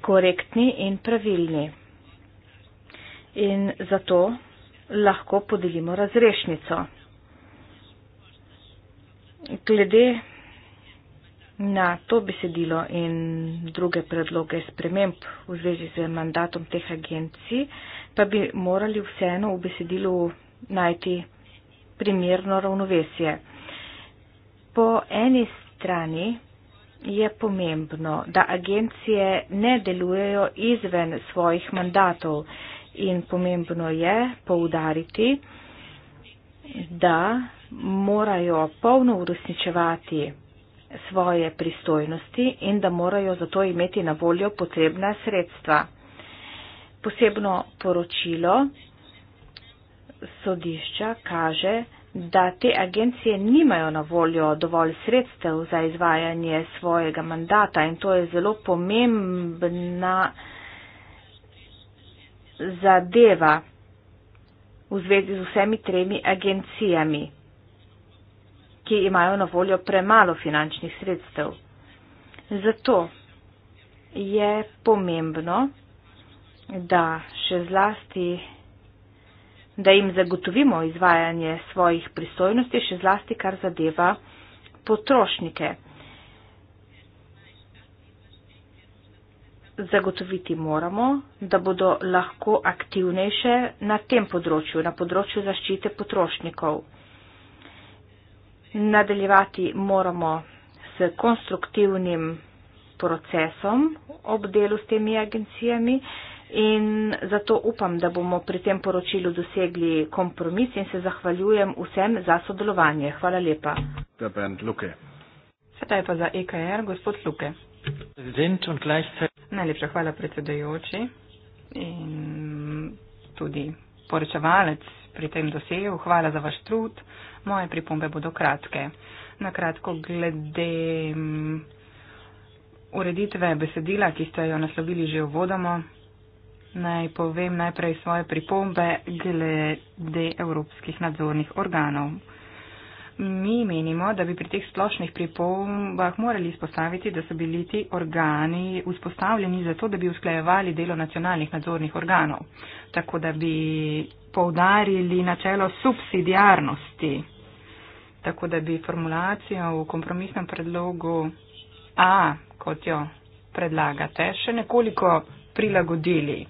korektni in pravilni. In zato lahko podelimo razrešnico. Glede na to besedilo in druge predloge sprememb v zvezi z mandatom teh agencij, pa bi morali vseeno v besedilu najti primerno ravnovesje. Po eni strani je pomembno, da agencije ne delujejo izven svojih mandatov in pomembno je poudariti, da morajo polno uresničevati svoje pristojnosti in da morajo zato imeti na voljo potrebna sredstva. Posebno poročilo sodišča kaže, da te agencije nimajo na voljo dovolj sredstev za izvajanje svojega mandata in to je zelo pomembna zadeva v zvezi z vsemi tremi agencijami ki imajo na voljo premalo finančnih sredstev. Zato je pomembno, da še zlasti, da jim zagotovimo izvajanje svojih pristojnosti, še zlasti, kar zadeva potrošnike. Zagotoviti moramo, da bodo lahko aktivnejše na tem področju, na področju zaščite potrošnikov. Nadaljevati moramo s konstruktivnim procesom ob delu s temi agencijami in zato upam, da bomo pri tem poročilu dosegli kompromis in se zahvaljujem vsem za sodelovanje. Hvala lepa. Sedaj pa za EKR, gospod Luke. Najlepša hvala predsedajoči in tudi poročevalec pri tem dosegu. Hvala za vaš trud. Moje pripombe bodo kratke. Na kratko glede mm, ureditve besedila, ki ste jo naslovili že uvodoma, naj povem najprej svoje pripombe glede evropskih nadzornih organov mi menimo, da bi pri teh splošnih pripombah morali izpostaviti, da so bili ti organi vzpostavljeni zato, da bi usklajevali delo nacionalnih nadzornih organov, tako da bi poudarili načelo subsidijarnosti, tako da bi formulacijo v kompromisnem predlogu A, kot jo predlagate, še nekoliko prilagodili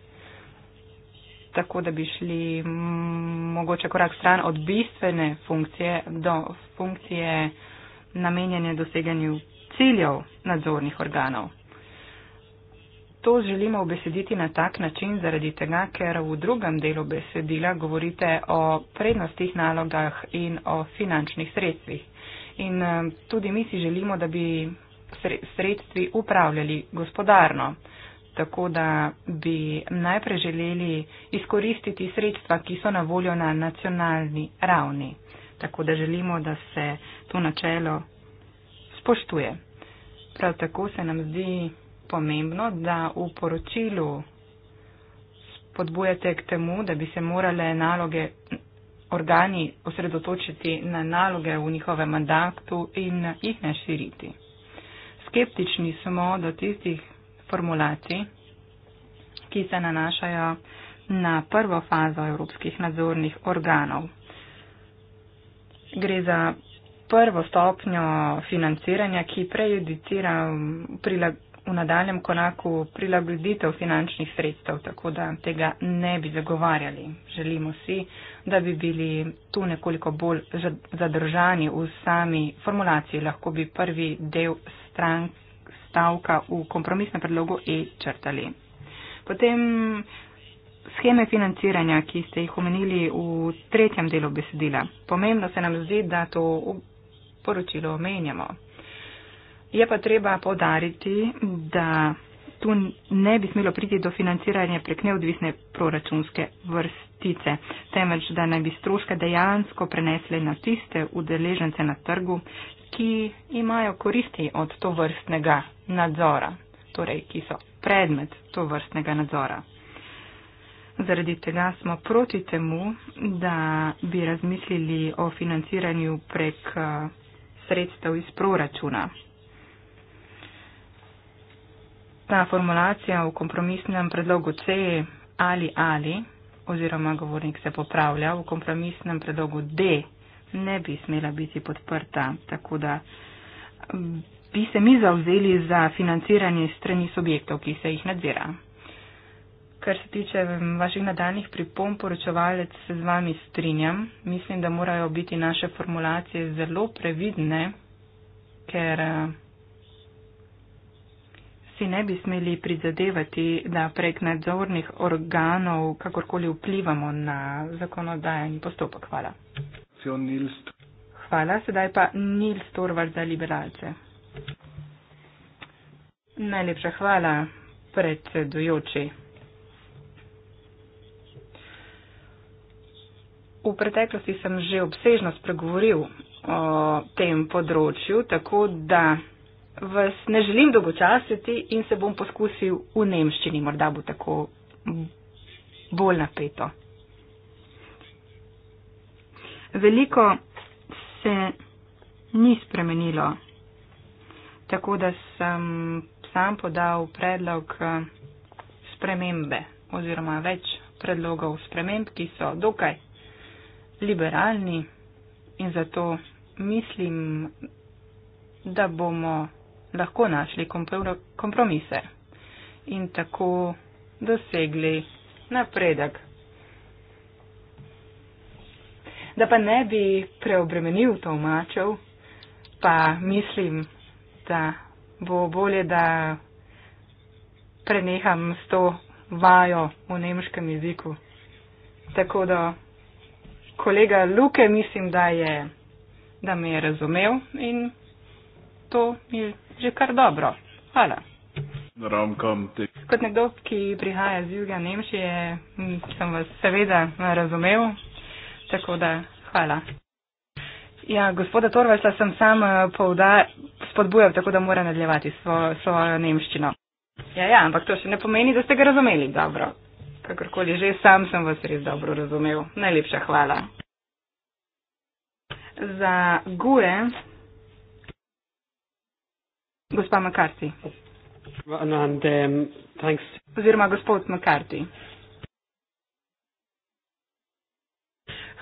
tako, da bi šli mogoče korak stran od bistvene funkcije do funkcije namenjene doseganju ciljev nadzornih organov. To želimo obesediti na tak način zaradi tega, ker v drugem delu besedila govorite o prednostih nalogah in o finančnih sredstvih. In eh, tudi mi si želimo, da bi sredstvi upravljali gospodarno tako da bi najprej želeli izkoristiti sredstva, ki so na voljo na nacionalni ravni. Tako da želimo, da se to načelo spoštuje. Prav tako se nam zdi pomembno, da v poročilu spodbujate k temu, da bi se morale naloge organi osredotočiti na naloge v njihovem mandatu in jih ne širiti. Skeptični smo do tistih formulacij, ki se nanašajo na prvo fazo evropskih nadzornih organov. Gre za prvo stopnjo financiranja, ki prejudicira v nadaljem konaku prilagoditev finančnih sredstev, tako da tega ne bi zagovarjali. Želimo si, da bi bili tu nekoliko bolj zadržani v sami formulaciji. Lahko bi prvi del strank, stavka v kompromisnem predlogu E črtali. Potem scheme financiranja, ki ste jih omenili v tretjem delu besedila. Pomembno se nam zdi, da to poročilo omenjamo. Je pa treba podariti, da tu ne bi smelo priti do financiranja prek neodvisne proračunske vrstice, temveč da naj bi stroške dejansko prenesli na tiste udeležence na trgu, ki imajo koristi od to vrstnega nadzora, torej ki so predmet to vrstnega nadzora. Zaradi tega smo proti temu, da bi razmislili o financiranju prek eh, sredstev iz proračuna. Ta formulacija v kompromisnem predlogu C ali ali oziroma govornik se popravlja v kompromisnem predlogu D ne bi smela biti podprta, tako da bi se mi zauzeli za financiranje strani subjektov, ki se jih nadzira. Kar se tiče mm, vaših nadaljnih pripomb, poročevalec se z vami strinjam. Mislim, da morajo biti naše formulacije zelo previdne, ker eh, si ne bi smeli prizadevati, da prek nadzornih organov kakorkoli vplivamo na zakonodajni postopek. Hvala. Hvala, sedaj pa Nils Torvar za liberalce. Najlepša hvala, predsedujoči. V preteklosti sem že obsežno spregovoril o tem področju, tako da vas ne želim dolgočasiti in se bom poskusil v nemščini, morda bo tako bolj napeto. Veliko se ni spremenilo tako da sem sam podal predlog eh, spremembe oziroma več predlogov sprememb, ki so dokaj liberalni in zato mislim, da bomo lahko našli kompromise in tako dosegli napredek. Da pa ne bi preobremenil tolmačev, pa mislim, da bo bolje, da prenehem s to vajo v nemškem jeziku. Tako da kolega Luke mislim, da, je, da me je razumel in to je že kar dobro. Hvala. Kot nekdo, ki prihaja z juga Nemčije, sem vas seveda razumel, tako da hvala. Ja, gospoda Torvalsa sem sam eh, spodbujam, tako da mora nadaljevati svojo, svojo nemščino. Ja, ja, ampak to še ne pomeni, da ste ga razumeli dobro. Kakorkoli že, sam sem vas res dobro razumel. Najlepša hvala. Za guje, gospa Makarti. Um, Oziroma gospod Makarti.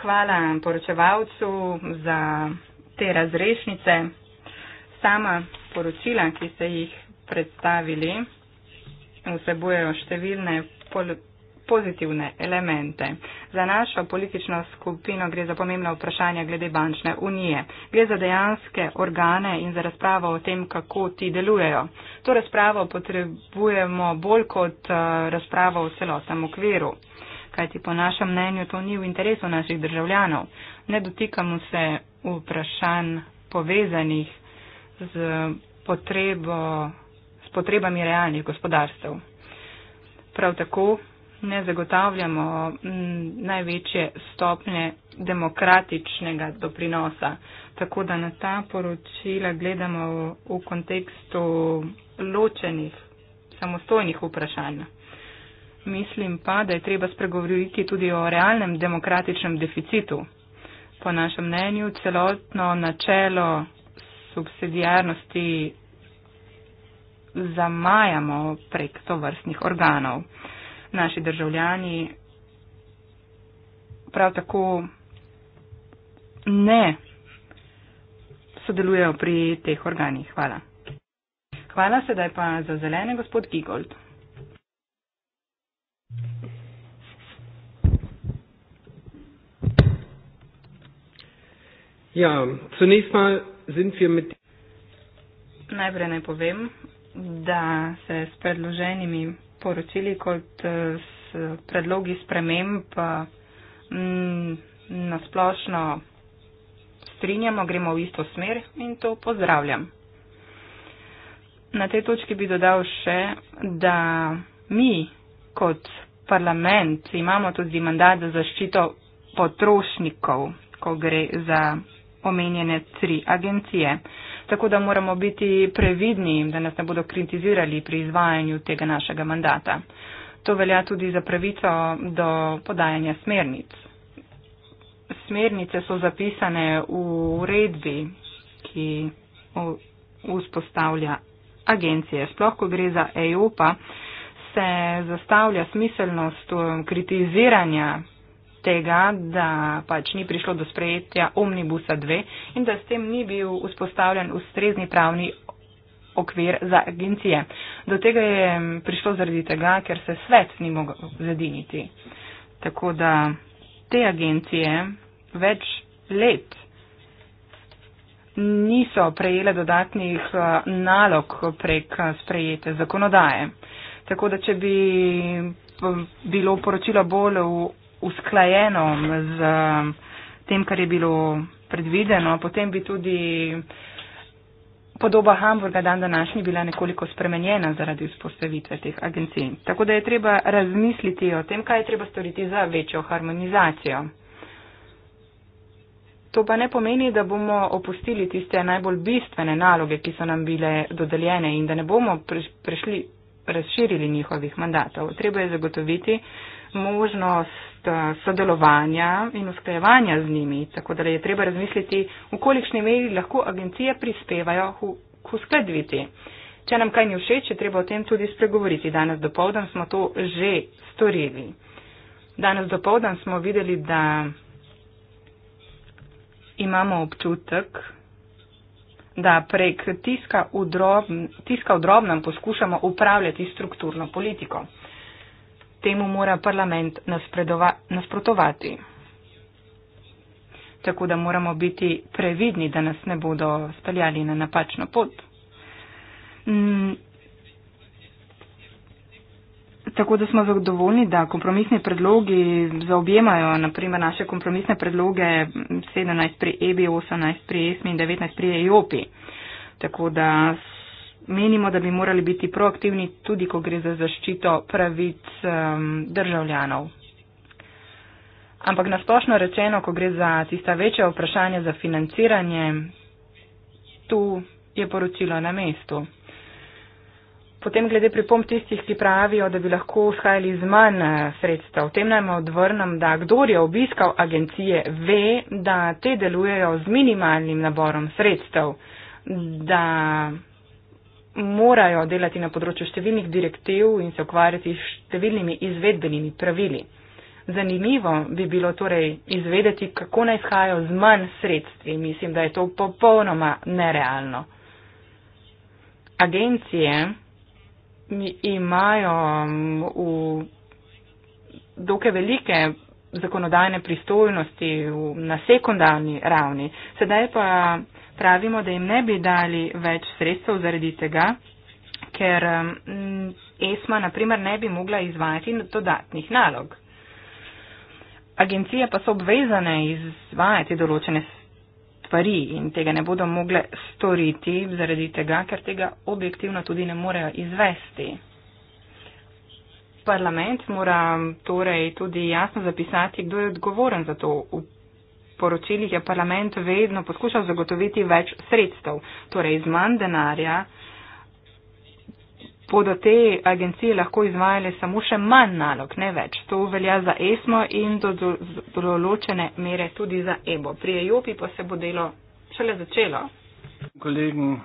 Hvala poročevalcu za te razrešnice sama poročila, ki ste jih predstavili, vsebujejo številne pol pozitivne elemente. Za našo politično skupino gre za pomembna vprašanja glede bančne unije. Gre za dejanske organe in za razpravo o tem, kako ti delujejo. To razpravo potrebujemo bolj kot eh, razpravo v celotnem okviru, kajti po našem mnenju to ni v interesu naših državljanov. Ne dotikamo se vprašanj povezanih z potrebo, s potrebami realnih gospodarstv. Prav tako ne zagotavljamo največje stopne demokratičnega doprinosa, tako da na ta poročila gledamo v, v kontekstu ločenih, samostojnih vprašanj. Mislim pa, da je treba spregovoriti tudi o realnem demokratičnem deficitu. Po našem mnenju celotno načelo subsidijarnosti zamajamo prek to vrstnih organov. Naši državljani prav tako ne sodelujejo pri teh organih. Hvala. Hvala sedaj pa za zelene, gospod Gigold. Ja, zunächst mal sind wir mit Najprej naj povem, da se s predloženimi poročili kot eh, s predlogi sprememb mm, nasplošno strinjamo, gremo v isto smer in to pozdravljam. Na tej točki bi dodal še, da mi kot parlament imamo tudi mandat za zaščito potrošnikov, ko gre za omenjene tri agencije. Tako da moramo biti previdni, da nas ne bodo kritizirali pri izvajanju tega našega mandata. To velja tudi za pravico do podajanja smernic. Smernice so zapisane v uredbi, ki vzpostavlja agencije. Sploh, ko gre za EU, pa se zastavlja smiselnost um, kritiziranja tega, da pač ni prišlo do sprejetja Omnibusa 2 in da s tem ni bil vzpostavljen ustrezni pravni okvir za agencije. Do tega je prišlo zaradi tega, ker se svet ni mogel zediniti. Tako da te agencije več let niso prejele dodatnih eh, nalog prek eh, sprejete zakonodaje. Tako da če bi eh, bilo poročilo bolj usklajeno z um, tem, kar je bilo predvideno, potem bi tudi podoba Hamburga dan današnji bila nekoliko spremenjena zaradi vzpostavitve teh agencij. Tako da je treba razmisliti o tem, kaj je treba storiti za večjo harmonizacijo. To pa ne pomeni, da bomo opustili tiste najbolj bistvene naloge, ki so nam bile dodeljene in da ne bomo prešli, razširili njihovih mandatov. Treba je zagotoviti možnost možnost eh, sodelovanja in usklajevanja z njimi, tako da je treba razmisliti, v kolikšni meri lahko agencije prispevajo k uskladiti. Če nam kaj ni všeč, je treba o tem tudi spregovoriti. Danes dopoledan smo to že storili. Danes dopoledan smo videli, da imamo občutek, da prek tiska v, drob, tiska v drobnem poskušamo upravljati strukturno politiko temu mora parlament nasprotovati. Tako da moramo biti previdni, da nas ne bodo staljali na napačno pot. Mm. Tako da smo zadovoljni, da kompromisni predlogi zaobjemajo naprimer naše kompromisne predloge 17 pri EBI, 18 pri ESMI in 19 pri EIOPI. Tako da Menimo, da bi morali biti proaktivni tudi, ko gre za zaščito pravic um, državljanov. Ampak nasplošno rečeno, ko gre za tista večja vprašanja za financiranje, tu je poročilo na mestu. Potem glede pripomb tistih, ki pravijo, da bi lahko vzhajali z manj eh, sredstev. V tem naj odvrnem, da kdor je obiskal agencije, ve, da te delujejo z minimalnim naborom sredstev, da morajo delati na področju številnih direktiv in se ukvarjati s številnimi izvedbenimi pravili. Zanimivo bi bilo torej izvedeti, kako naj izhajajo z manj sredstvi. Mislim, da je to popolnoma nerealno. Agencije imajo mm, v dokaj velike zakonodajne pristojnosti na sekundarni ravni. Sedaj pa pravimo, da jim ne bi dali več sredstev zaradi tega, ker um, ESMA naprimer ne bi mogla izvajati dodatnih nalog. Agencije pa so obvezane izvajati določene stvari in tega ne bodo mogle storiti zaradi tega, ker tega objektivno tudi ne morejo izvesti. Parlament mora torej tudi jasno zapisati, kdo je odgovoren za to upravljanje poročilih je parlament vedno poskušal zagotoviti več sredstev. Torej, iz manj denarja bodo te agencije lahko izvajale samo še manj nalog, ne več. To velja za ESMO in do določene mere tudi za EBO. Pri EJOPI pa se bo delo šele začelo. Kolegom,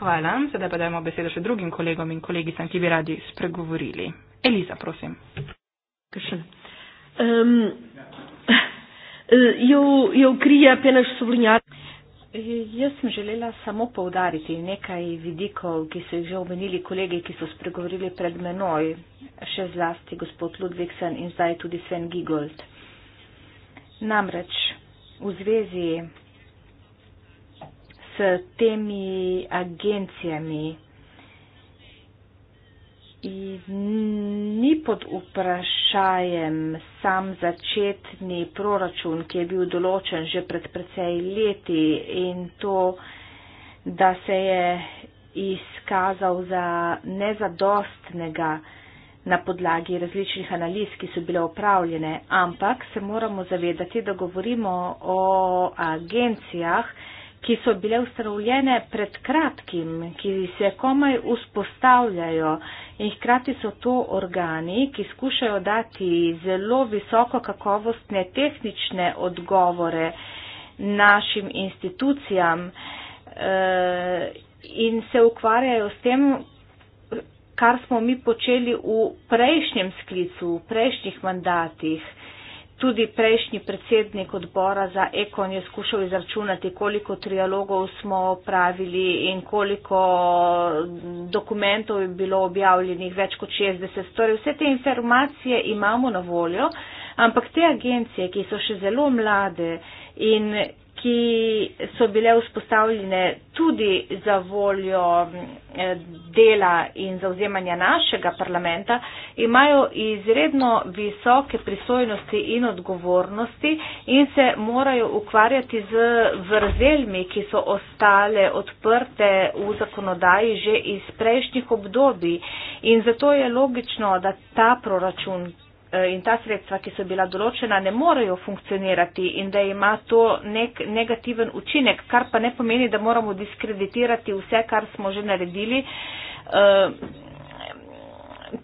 Hvala. Sedaj pa dajmo besedo še drugim kolegom in kolegicam, ki bi radi spregovorili. Eliza, prosim. Um, *laughs* Eh, eu, eu queria apenas sublinhar. Jaz sem želela samo povdariti nekaj vidikov, ki so jih že omenili kolegi, ki so spregovorili pred menoj, še zlasti gospod Ludvigsen in zdaj tudi Sven Gigold. Namreč v zvezi s temi agencijami, ni pod vprašajem sam začetni proračun, ki je bil določen že pred precej leti in to, da se je izkazal za nezadostnega na podlagi različnih analiz, ki so bile opravljene, ampak se moramo zavedati, da govorimo o agencijah, ki so bile ustanovljene pred kratkim, ki se komaj vzpostavljajo in hkrati so to organi, ki skušajo dati zelo visoko kakovostne tehnične odgovore našim institucijam eh, in se ukvarjajo s tem, kar smo mi počeli v prejšnjem sklicu, v prejšnjih mandatih. Tudi prejšnji predsednik odbora za ekon je skušal izračunati, koliko trialogov smo opravili in koliko dokumentov je bilo objavljenih, več kot 60. Torej, vse te informacije imamo na voljo, ampak te agencije, ki so še zelo mlade in ki so bile vzpostavljene tudi za voljo eh, dela in zauzemanja našega parlamenta, imajo izredno visoke pristojnosti in odgovornosti in se morajo ukvarjati z vrzelmi, ki so ostale odprte v zakonodaji že iz prejšnjih obdobij. In zato je logično, da ta proračun, Eh, in ta sredstva, ki so bila določena, ne morejo funkcionirati in da ima to nek negativen učinek, kar pa ne pomeni, da moramo diskreditirati vse, kar smo že naredili. Eh,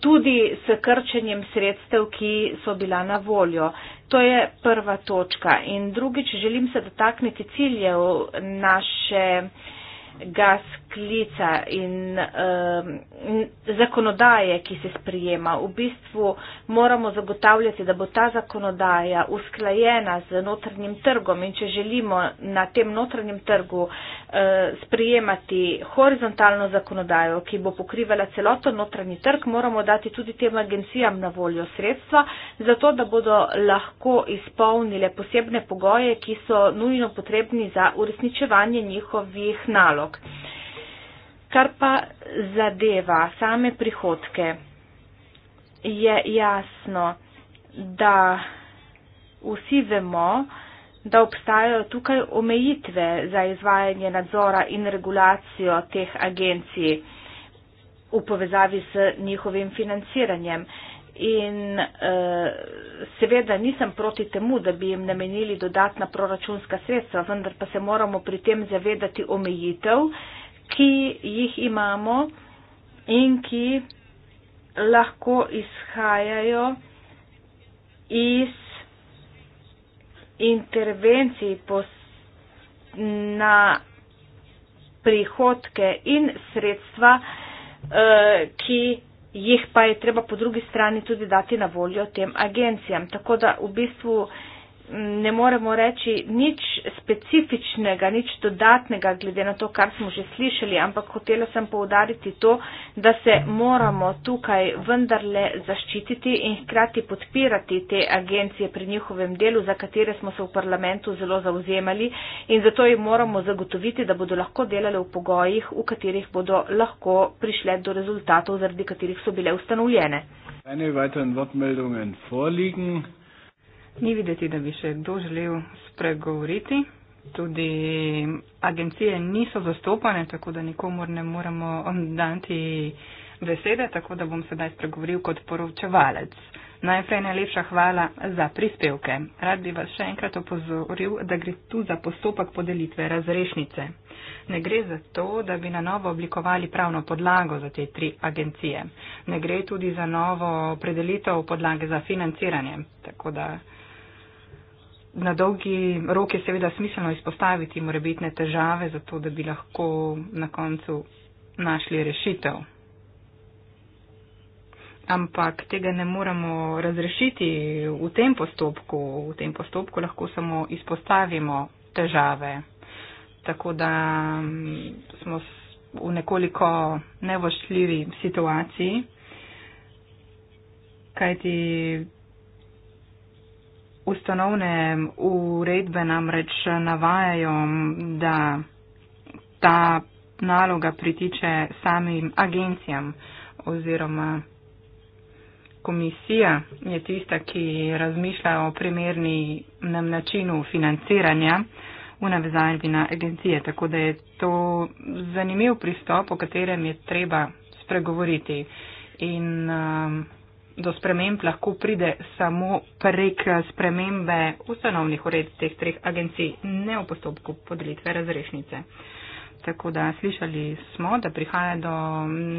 tudi s krčenjem sredstev, ki so bila na voljo. To je prva točka. In drugič, želim se dotakniti ciljev naše ga sklica in um, zakonodaje, ki se sprijema. V bistvu moramo zagotavljati, da bo ta zakonodaja usklajena z notrnjim trgom in če želimo na tem notrnjem trgu uh, e, sprijemati horizontalno zakonodajo, ki bo pokrivala celoto notrnji trg, moramo dati tudi tem agencijam na voljo sredstva, zato da bodo lahko izpolnile posebne pogoje, ki so nujno potrebni za uresničevanje njihovih nalog predlog. Kar pa zadeva same prihodke, je jasno, da vsi vemo, da obstajajo tukaj omejitve za izvajanje nadzora in regulacijo teh agencij v povezavi s njihovim financiranjem. In uh, seveda nisem proti temu, da bi jim namenili dodatna proračunska sredstva, vendar pa se moramo pri tem zavedati omejitev, ki jih imamo in ki lahko izhajajo iz intervencij na prihodke in sredstva, uh, ki jih pa je treba po drugi strani tudi dati na voljo tem agencijam. Tako da v bistvu ne moremo reči nič specifičnega, nič dodatnega glede na to, kar smo že slišali, ampak hotela sem poudariti to, da se moramo tukaj vendarle zaščititi in hkrati podpirati te agencije pri njihovem delu, za katere smo se v parlamentu zelo zauzemali in zato jim moramo zagotoviti, da bodo lahko delali v pogojih, v katerih bodo lahko prišle do rezultatov, zaradi katerih so bile ustanovljene. Keine weiteren Wortmeldungen vorliegen. Ni videti, da bi še kdo želel spregovoriti. Tudi agencije niso zastopane, tako da nikomor ne moremo um, dati besede, tako da bom sedaj spregovoril kot poročevalec. Najprej najlepša hvala za prispevke. Rad bi vas še enkrat opozoril, da gre tu za postopek podelitve razrešnice. Ne gre za to, da bi na novo oblikovali pravno podlago za te tri agencije. Ne gre tudi za novo predelitev podlage za financiranje. Tako da na dolgi rok je seveda smiselno izpostaviti morebitne težave, zato da bi lahko na koncu našli rešitev. Ampak tega ne moremo razrešiti v tem postopku. V tem postopku lahko samo izpostavimo težave. Tako da mm, smo v nekoliko nevošljivi situaciji, kajti ustanovne uredbe namreč navajajo, da ta naloga pritiče samim agencijam oziroma komisija je tista, ki razmišlja o primernem načinu financiranja v navezavi na agencije. Tako da je to zanimiv pristop, o katerem je treba spregovoriti. In um, do sprememb lahko pride samo prek spremembe ustanovnih ured teh treh agencij, ne v postopku podelitve razrešnice. Tako da slišali smo, da prihaja do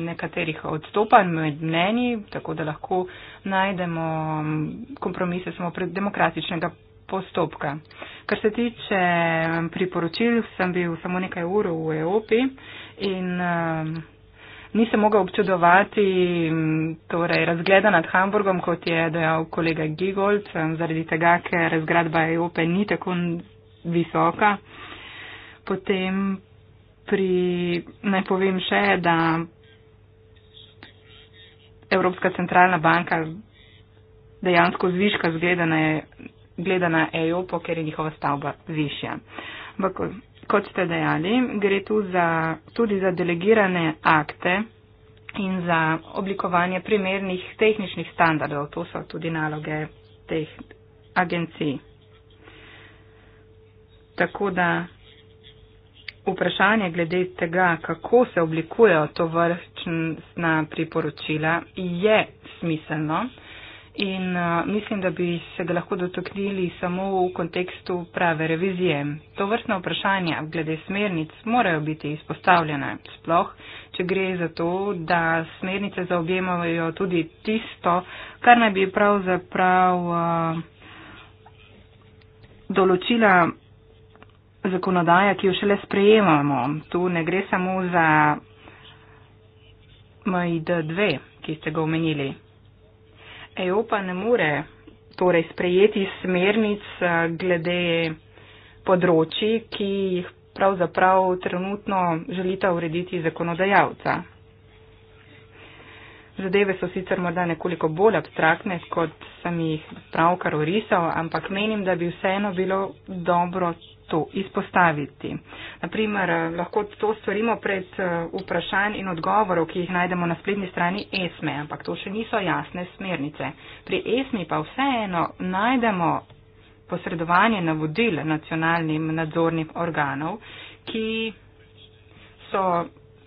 nekaterih odstopanj med mnenji, tako da lahko najdemo kompromise samo pred demokratičnega postopka. Kar se tiče um, priporočil, sem bil samo nekaj ur v Evropi in uh, ni se mogel občudovati mm, torej, razgleda nad Hamburgom, kot je dejal kolega Gigold, zaradi tega, ker zgradba Evrope ni tako visoka. Potem pri, naj povem še, da Evropska centralna banka dejansko zviška zgleda na, e-, na Evropo, ker je njihova stavba višja. Bako, kot ste dejali, gre tu za, tudi za delegirane akte in za oblikovanje primernih tehničnih standardov. To so tudi naloge teh agencij. Tako da vprašanje glede tega, kako se oblikujejo to vrčna priporočila, je smiselno in uh, mislim, da bi se ga lahko dotaknili samo v kontekstu prave revizije. To vrstna vprašanja glede smernic morajo biti izpostavljene, sploh, če gre za to, da smernice zaobjemajo tudi tisto, kar naj bi pravzaprav uh, določila zakonodaja, ki jo šele sprejemamo. Tu ne gre samo za MID2, ki ste ga omenili. EOPA ne more torej sprejeti smernic eh, glede področji, ki jih pravzaprav trenutno želita urediti zakonodajalca. Zadeve so sicer morda nekoliko bolj abstraktne, kot sem jih pravkar orisal, ampak menim, da bi vseeno bilo dobro to izpostaviti. Naprimer, eh, lahko to stvarimo pred eh, vprašanj in odgovorov, ki jih najdemo na spletni strani ESME, e, ampak to še niso jasne smernice. Pri ESME e pa vseeno najdemo posredovanje navodil nacionalnim nadzornim organov, ki so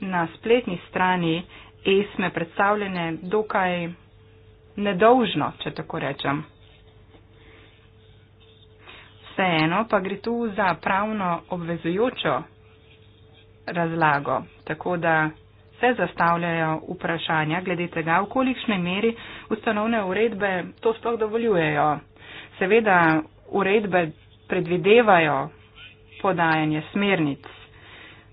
na spletni strani ESME e predstavljene dokaj nedolžno, če tako rečem vseeno pa gre tu za pravno obvezujočo razlago, tako da se zastavljajo vprašanja glede tega, v kolikšnej meri ustanovne uredbe to sploh dovoljujejo. Seveda uredbe predvidevajo podajanje smernic.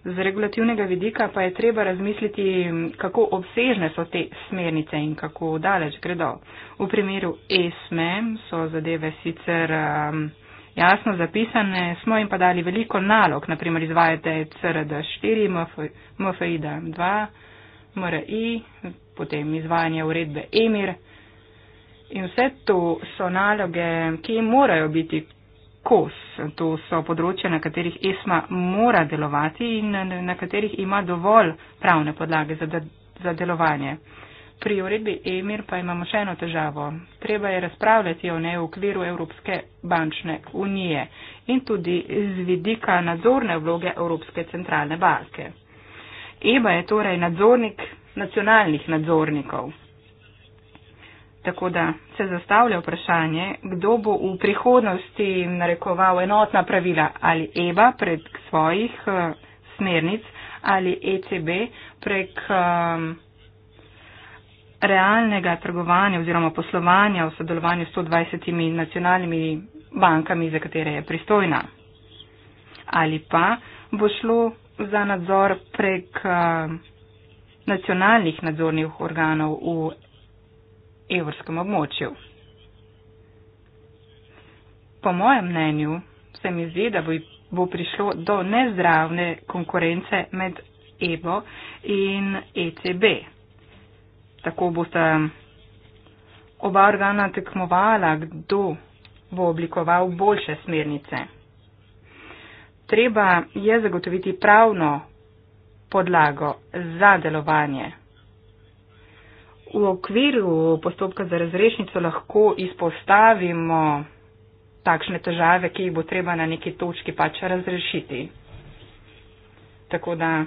Z regulativnega vidika pa je treba razmisliti, kako obsežne so te smernice in kako daleč gredo. V primeru ESME e so zadeve sicer um, jasno zapisane, smo jim pa dali veliko nalog, naprimer izvajate CRD4, MFIDM2, MRI, potem izvajanje uredbe EMIR in vse to so naloge, ki morajo biti kos. To so področja, na katerih ESMA mora delovati in na katerih ima dovolj pravne podlage za, de za delovanje. Pri uredbi EMIR pa imamo še eno težavo. Treba je razpravljati o ne v okviru Evropske bančne unije in tudi z vidika nadzorne vloge Evropske centralne banke. EBA je torej nadzornik nacionalnih nadzornikov. Tako da se zastavlja vprašanje, kdo bo v prihodnosti narekoval enotna pravila ali EBA prek svojih uh, smernic ali ECB prek. Uh, realnega trgovanja oziroma poslovanja v sodelovanju s 120 nacionalnimi bankami, za katere je pristojna. Ali pa bo šlo za nadzor prek eh, nacionalnih nadzornih organov v evropskem območju. Po mojem mnenju se mi zdi, da bo prišlo do nezdravne konkurence med EBO in ECB tako boste oba organa tekmovala, kdo bo oblikoval boljše smernice. Treba je zagotoviti pravno podlago za delovanje. V okviru postopka za razrešnico lahko izpostavimo takšne težave, ki jih bo treba na neki točki pač razrešiti. Tako da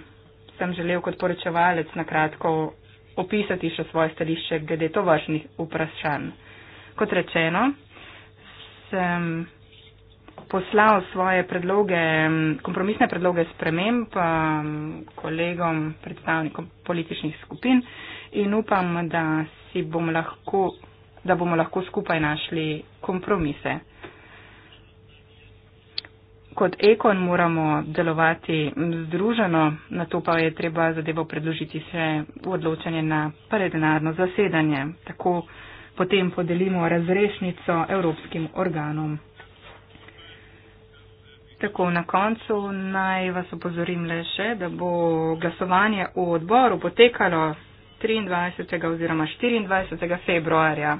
sem želel kot poročevalec na kratko opisati še svoje stališče glede to važnih vprašanj. Kot rečeno, sem poslal svoje predloge, kompromisne predloge sprememb kolegom, predstavnikom političnih skupin in upam, da, bom lahko, da bomo lahko skupaj našli kompromise kot ekon moramo delovati združeno, na to pa je treba zadevo predložiti še v odločanje na predenarno zasedanje. Tako potem podelimo razrešnico evropskim organom. Tako na koncu naj vas opozorim le še, da bo glasovanje v odboru potekalo 23. oziroma 24. februarja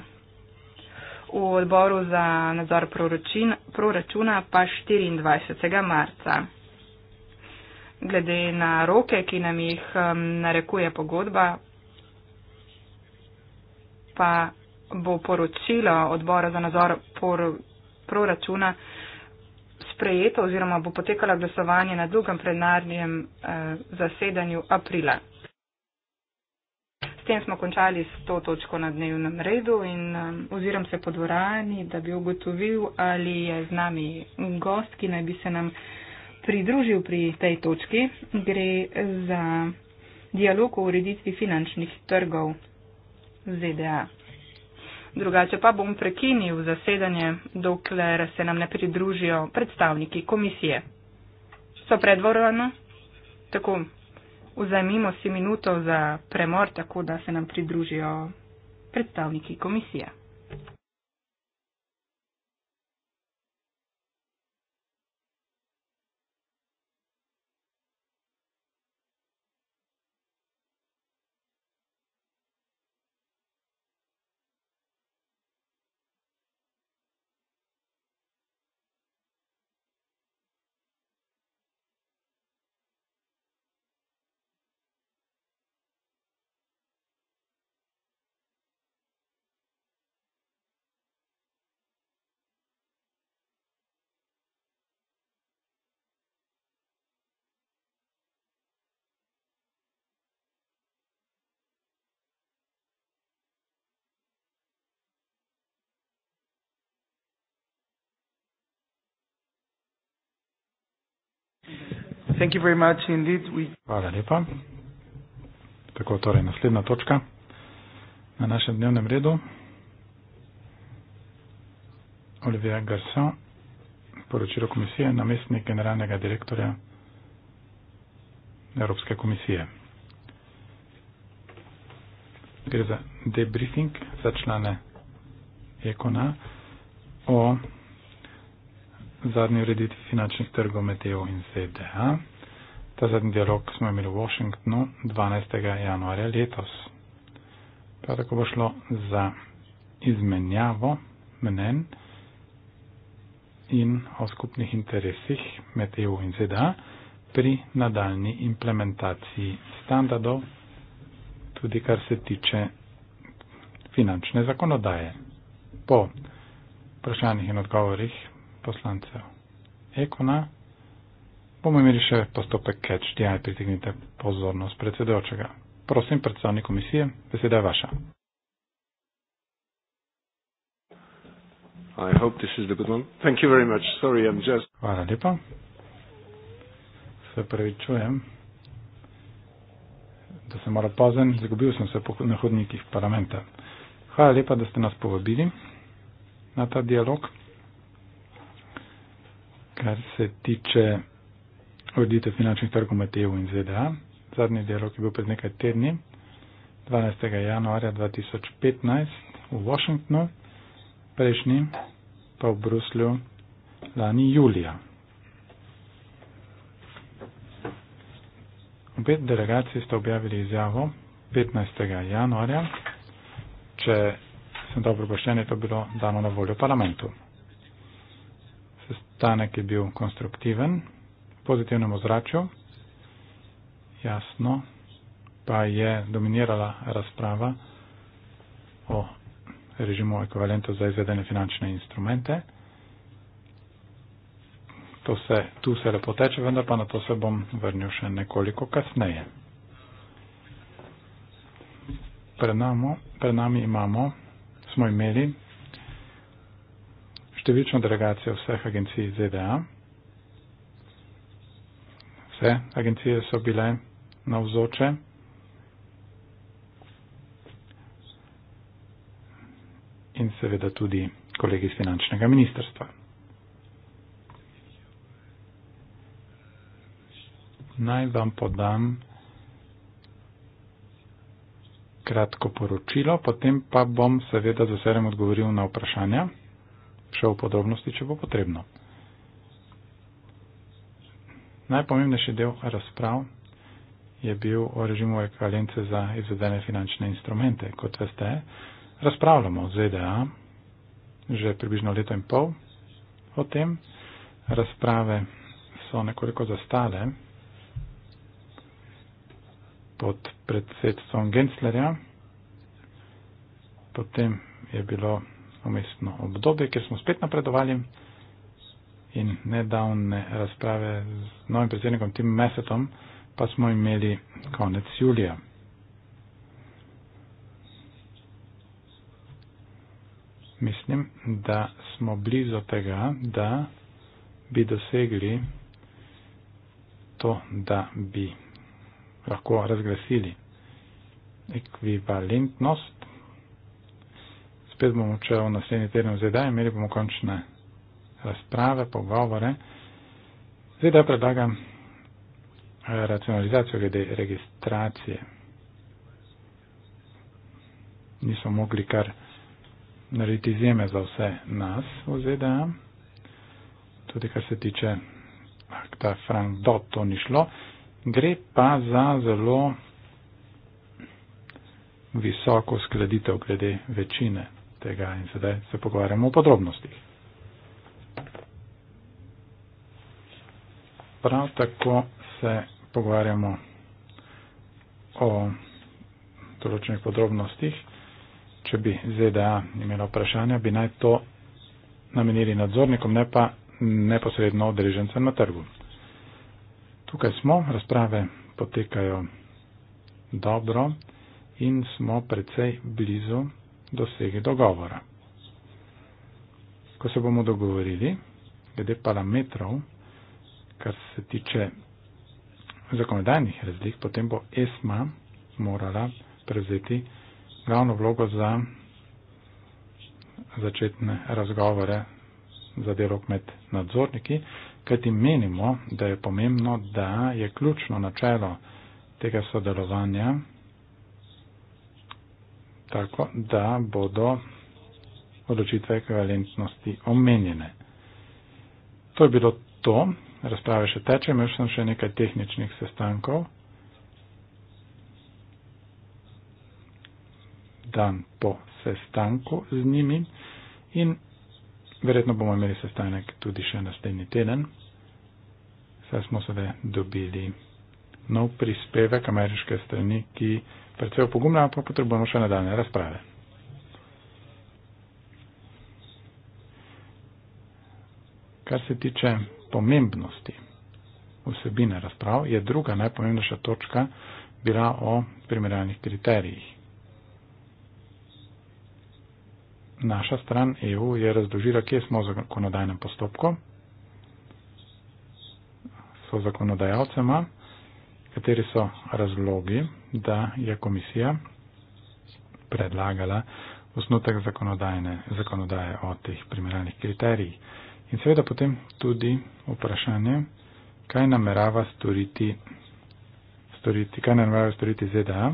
v odboru za nadzor proračuna pa 24. marca. Glede na roke, ki nam jih um, narekuje pogodba, pa bo poročilo odbora za nadzor proračuna sprejeto oziroma bo potekalo glasovanje na drugem plenarnem eh, zasedanju aprila. S tem smo končali s to točko na dnevnem redu in um, oziram se po dvorani, da bi ugotovil, ali je z nami gost, ki naj bi se nam pridružil pri tej točki. Gre za dialog o ureditvi finančnih trgov ZDA. Drugače pa bom prekinil zasedanje, dokler se nam ne pridružijo predstavniki komisije. So predvorano? Tako, Vzemimo si minuto za premor, tako da se nam pridružijo predstavniki komisije. Thank you very much indeed. We... Hvala lepa. Tako torej naslednja točka na našem dnevnem redu. Olivier Garson, poročilo komisije, namestnik generalnega direktorja Evropske komisije. Gre za debriefing za člane ekona o zadnji ureditvi finančnih trgov med EU in ZDA. Ta zadnji dialog smo imeli v Washingtonu 12. januarja letos. Prav tako bo šlo za izmenjavo mnen in o skupnih interesih med EU in ZDA pri nadaljni implementaciji standardov, tudi kar se tiče finančne zakonodaje. Po vprašanjih in odgovorih poslancev Ekona bomo imeli še postopek catch di ali pritegnite pozornost predsedojočega. Prosim, predstavnik komisije, beseda je vaša. I hope this is the good one. Thank you very much. Sorry, I'm just... Hvala lepa. Se pravi, čujem, da sem mora pozen. Zagubil sem se na hodnikih parlamenta. Hvala lepa, da ste nas povabili na ta dialog. Kar se tiče ureditev finančnih trgov med EU in ZDA. Zadnji dialog je bil pred nekaj tedni, 12. januarja 2015 v Washingtonu, prejšnji pa v Bruslju lani julija. Obe delegaciji sta objavili izjavo 15. januarja, če sem dobro poštjen, je to bilo dano na voljo parlamentu. Sestanek je bil konstruktiven, pozitivnem ozračju. Jasno pa je dominirala razprava o režimu ekvivalenta za izvedene finančne instrumente. To se, tu se lepo teče, vendar pa na to se bom vrnil še nekoliko kasneje. Pred, namo, pred nami imamo, smo imeli številčno delegacijo vseh agencij ZDA vse agencije so bile navzoče. In seveda tudi kolegi iz finančnega ministrstva. Naj vam podam kratko poročilo, potem pa bom seveda z veseljem odgovoril na vprašanja, še v podrobnosti, če bo potrebno. Najpomembnejši del razprav je bil o režimu ekvivalence za izvedene finančne instrumente. Kot veste, razpravljamo v ZDA že približno leto in pol o tem. Razprave so nekoliko zastale pod predsedstvom Genslerja. Potem je bilo umestno obdobje, kjer smo spet napredovali in nedavne razprave z novim predsednikom Tim Mesetom pa smo imeli konec julija. Mislim, da smo blizu tega, da bi dosegli to, da bi lahko razglasili ekvivalentnost. Spet bomo, če v naslednji teden v ZDA imeli bomo končne razprave, pogovore. Zdaj, da predlagam eh, racionalizacijo glede registracije. Nismo mogli kar narediti izjeme za vse nas v ZDA, tudi kar se tiče akta Frank Dot, to ni šlo. Gre pa za zelo visoko skladitev glede večine tega in sedaj se pogovarjamo o podrobnostih. prav tako se pogovarjamo o določenih podrobnostih. Če bi ZDA imela vprašanja, bi naj to namenili nadzornikom, ne pa neposredno odrežencem na trgu. Tukaj smo, razprave potekajo dobro in smo precej blizu dosege dogovora. Ko se bomo dogovorili glede parametrov, kar se tiče zakonodajnih razlik, potem bo ESMA morala prevzeti glavno vlogo za začetne razgovore za dialog med nadzorniki, kajti menimo, da je pomembno, da je ključno načelo tega sodelovanja tako, da bodo odločitve ekvivalentnosti omenjene. To je bilo to, razprave še teče, imel sem še nekaj tehničnih sestankov. Dan po sestanku z njimi in verjetno bomo imeli sestanek tudi še naslednji teden. Saj smo sedaj dobili nov prispevek ameriške strani, ki predvsej opogumna, pa potrebujemo še nadaljne razprave. Kar se tiče pomembnosti vsebine razprav, je druga najpomembnejša točka bila o primerjalnih kriterijih. Naša stran EU je razložila, kje smo v zakonodajnem postopku, so zakonodajalcema, kateri so razlogi, da je komisija predlagala osnutek zakonodaje o teh primerjalnih kriterijih. In seveda potem tudi vprašanje, kaj namerava storiti, storiti, kaj namerava storiti ZDA,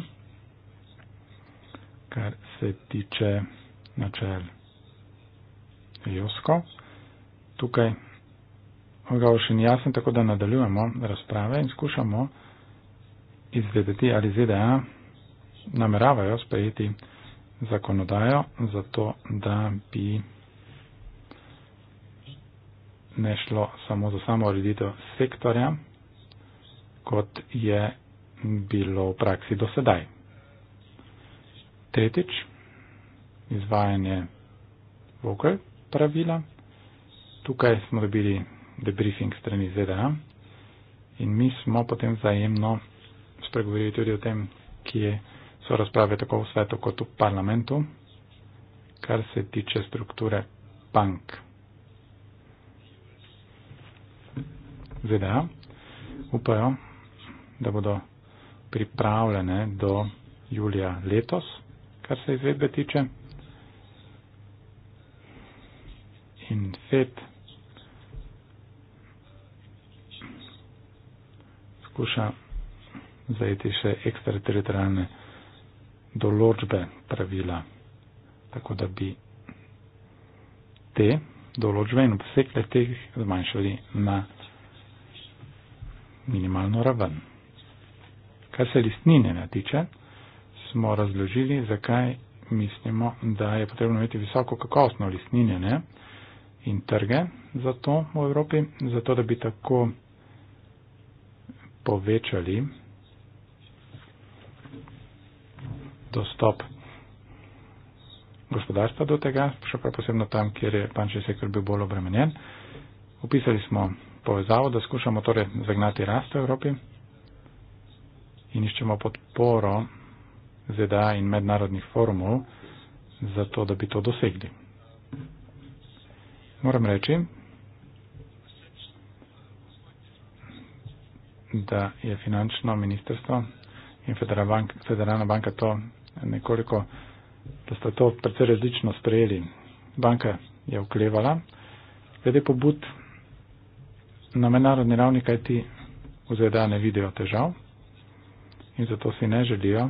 kar se tiče načel Josko. Tukaj odgovor še ni jasen, tako da nadaljujemo razprave in skušamo izvedeti, ali ZDA nameravajo sprejeti zakonodajo za to, da bi ne šlo samo za samo ureditev sektorja, kot je bilo v praksi do sedaj. Tretjič, izvajanje vokal pravila. Tukaj smo dobili debriefing strani ZDA in mi smo potem zajemno spregovorili tudi o tem, kje so razprave tako v svetu kot v parlamentu, kar se tiče strukture bank. ZDA upajo, da bodo pripravljene do julija letos, kar se izvedbe tiče. In FED skuša zajeti še ekstrateritorijalne določbe pravila, tako da bi te določbe in obseg teh zmanjšali na minimalno raven. Kar se listnine natiče, smo razložili, zakaj mislimo, da je potrebno imeti visoko kakovostno listninjenje in trge za to v Evropi, zato da bi tako povečali dostop gospodarstva do tega, še prav posebno tam, kjer je bančni sektor bil bolj obremenjen. Opisali smo povezavo, da skušamo torej zagnati rast v Evropi in iščemo podporo ZDA in mednarodnih forumov za to, da bi to dosegli. Moram reči, da je finančno ministrstvo in federalna banka to nekoliko, da sta to predvsej različno sprejeli. Banka je oklevala. Glede pobud na mednarodni ravni, kaj ti v ZDA ne vidijo težav in zato si ne želijo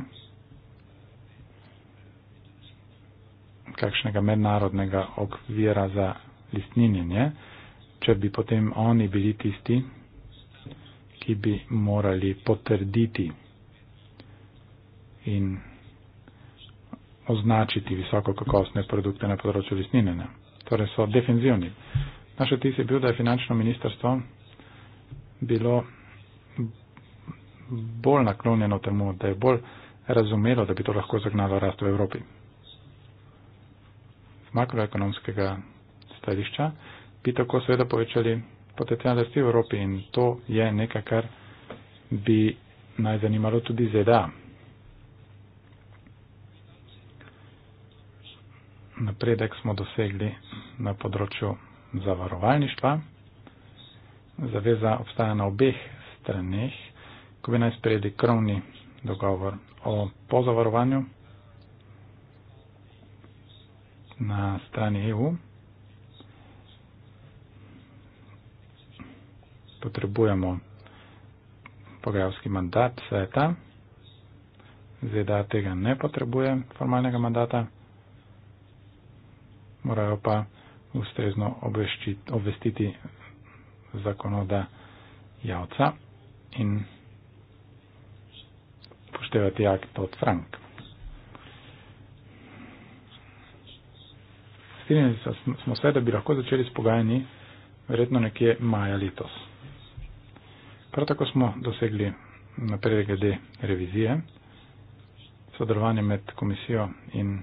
kakšnega mednarodnega okvira za listninjenje, če bi potem oni bili tisti, ki bi morali potrditi in označiti visokokakostne produkte na področju listninjenja. Torej so defenzivni. Naš odtis je bil, da je finančno ministrstvo bilo bolj naklonjeno temu, da je bolj razumelo, da bi to lahko zagnalo rast v Evropi. Z makroekonomskega stališča bi tako seveda povečali potencial rasti v Evropi in to je nekaj, kar bi naj zanimalo tudi ZDA. Napredek smo dosegli na področju zavarovalništva zaveza obstaja na obeh straneh, ko bi naj sprejeli krovni dogovor o pozavarovanju na strani EU. Potrebujemo pogajalski mandat sveta. ZDA tega ne potrebuje formalnega mandata. Morajo pa ustrezno obvestiti zakonoda javca in poštevati akt od Frank. Strinjali smo se, da bi lahko začeli s pogajanji verjetno nekje maja letos. Prav tako smo dosegli napredek glede revizije, sodelovanje med komisijo in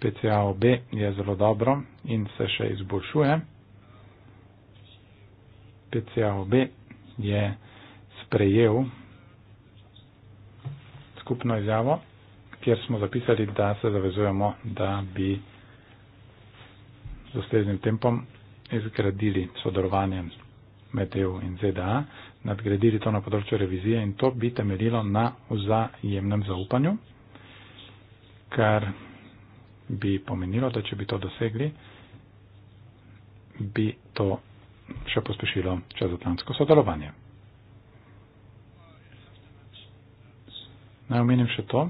PCAOB je zelo dobro in se še izboljšuje. PCAOB je sprejel skupno izjavo, kjer smo zapisali, da se zavezujemo, da bi z ustreznim tempom izgradili sodelovanje med EU in ZDA, nadgradili to na področju revizije in to bi temeljilo na vzajemnem zaupanju, kar bi pomenilo, da če bi to dosegli, bi to še pospešilo čezatlantsko sodelovanje. Naj omenim še to.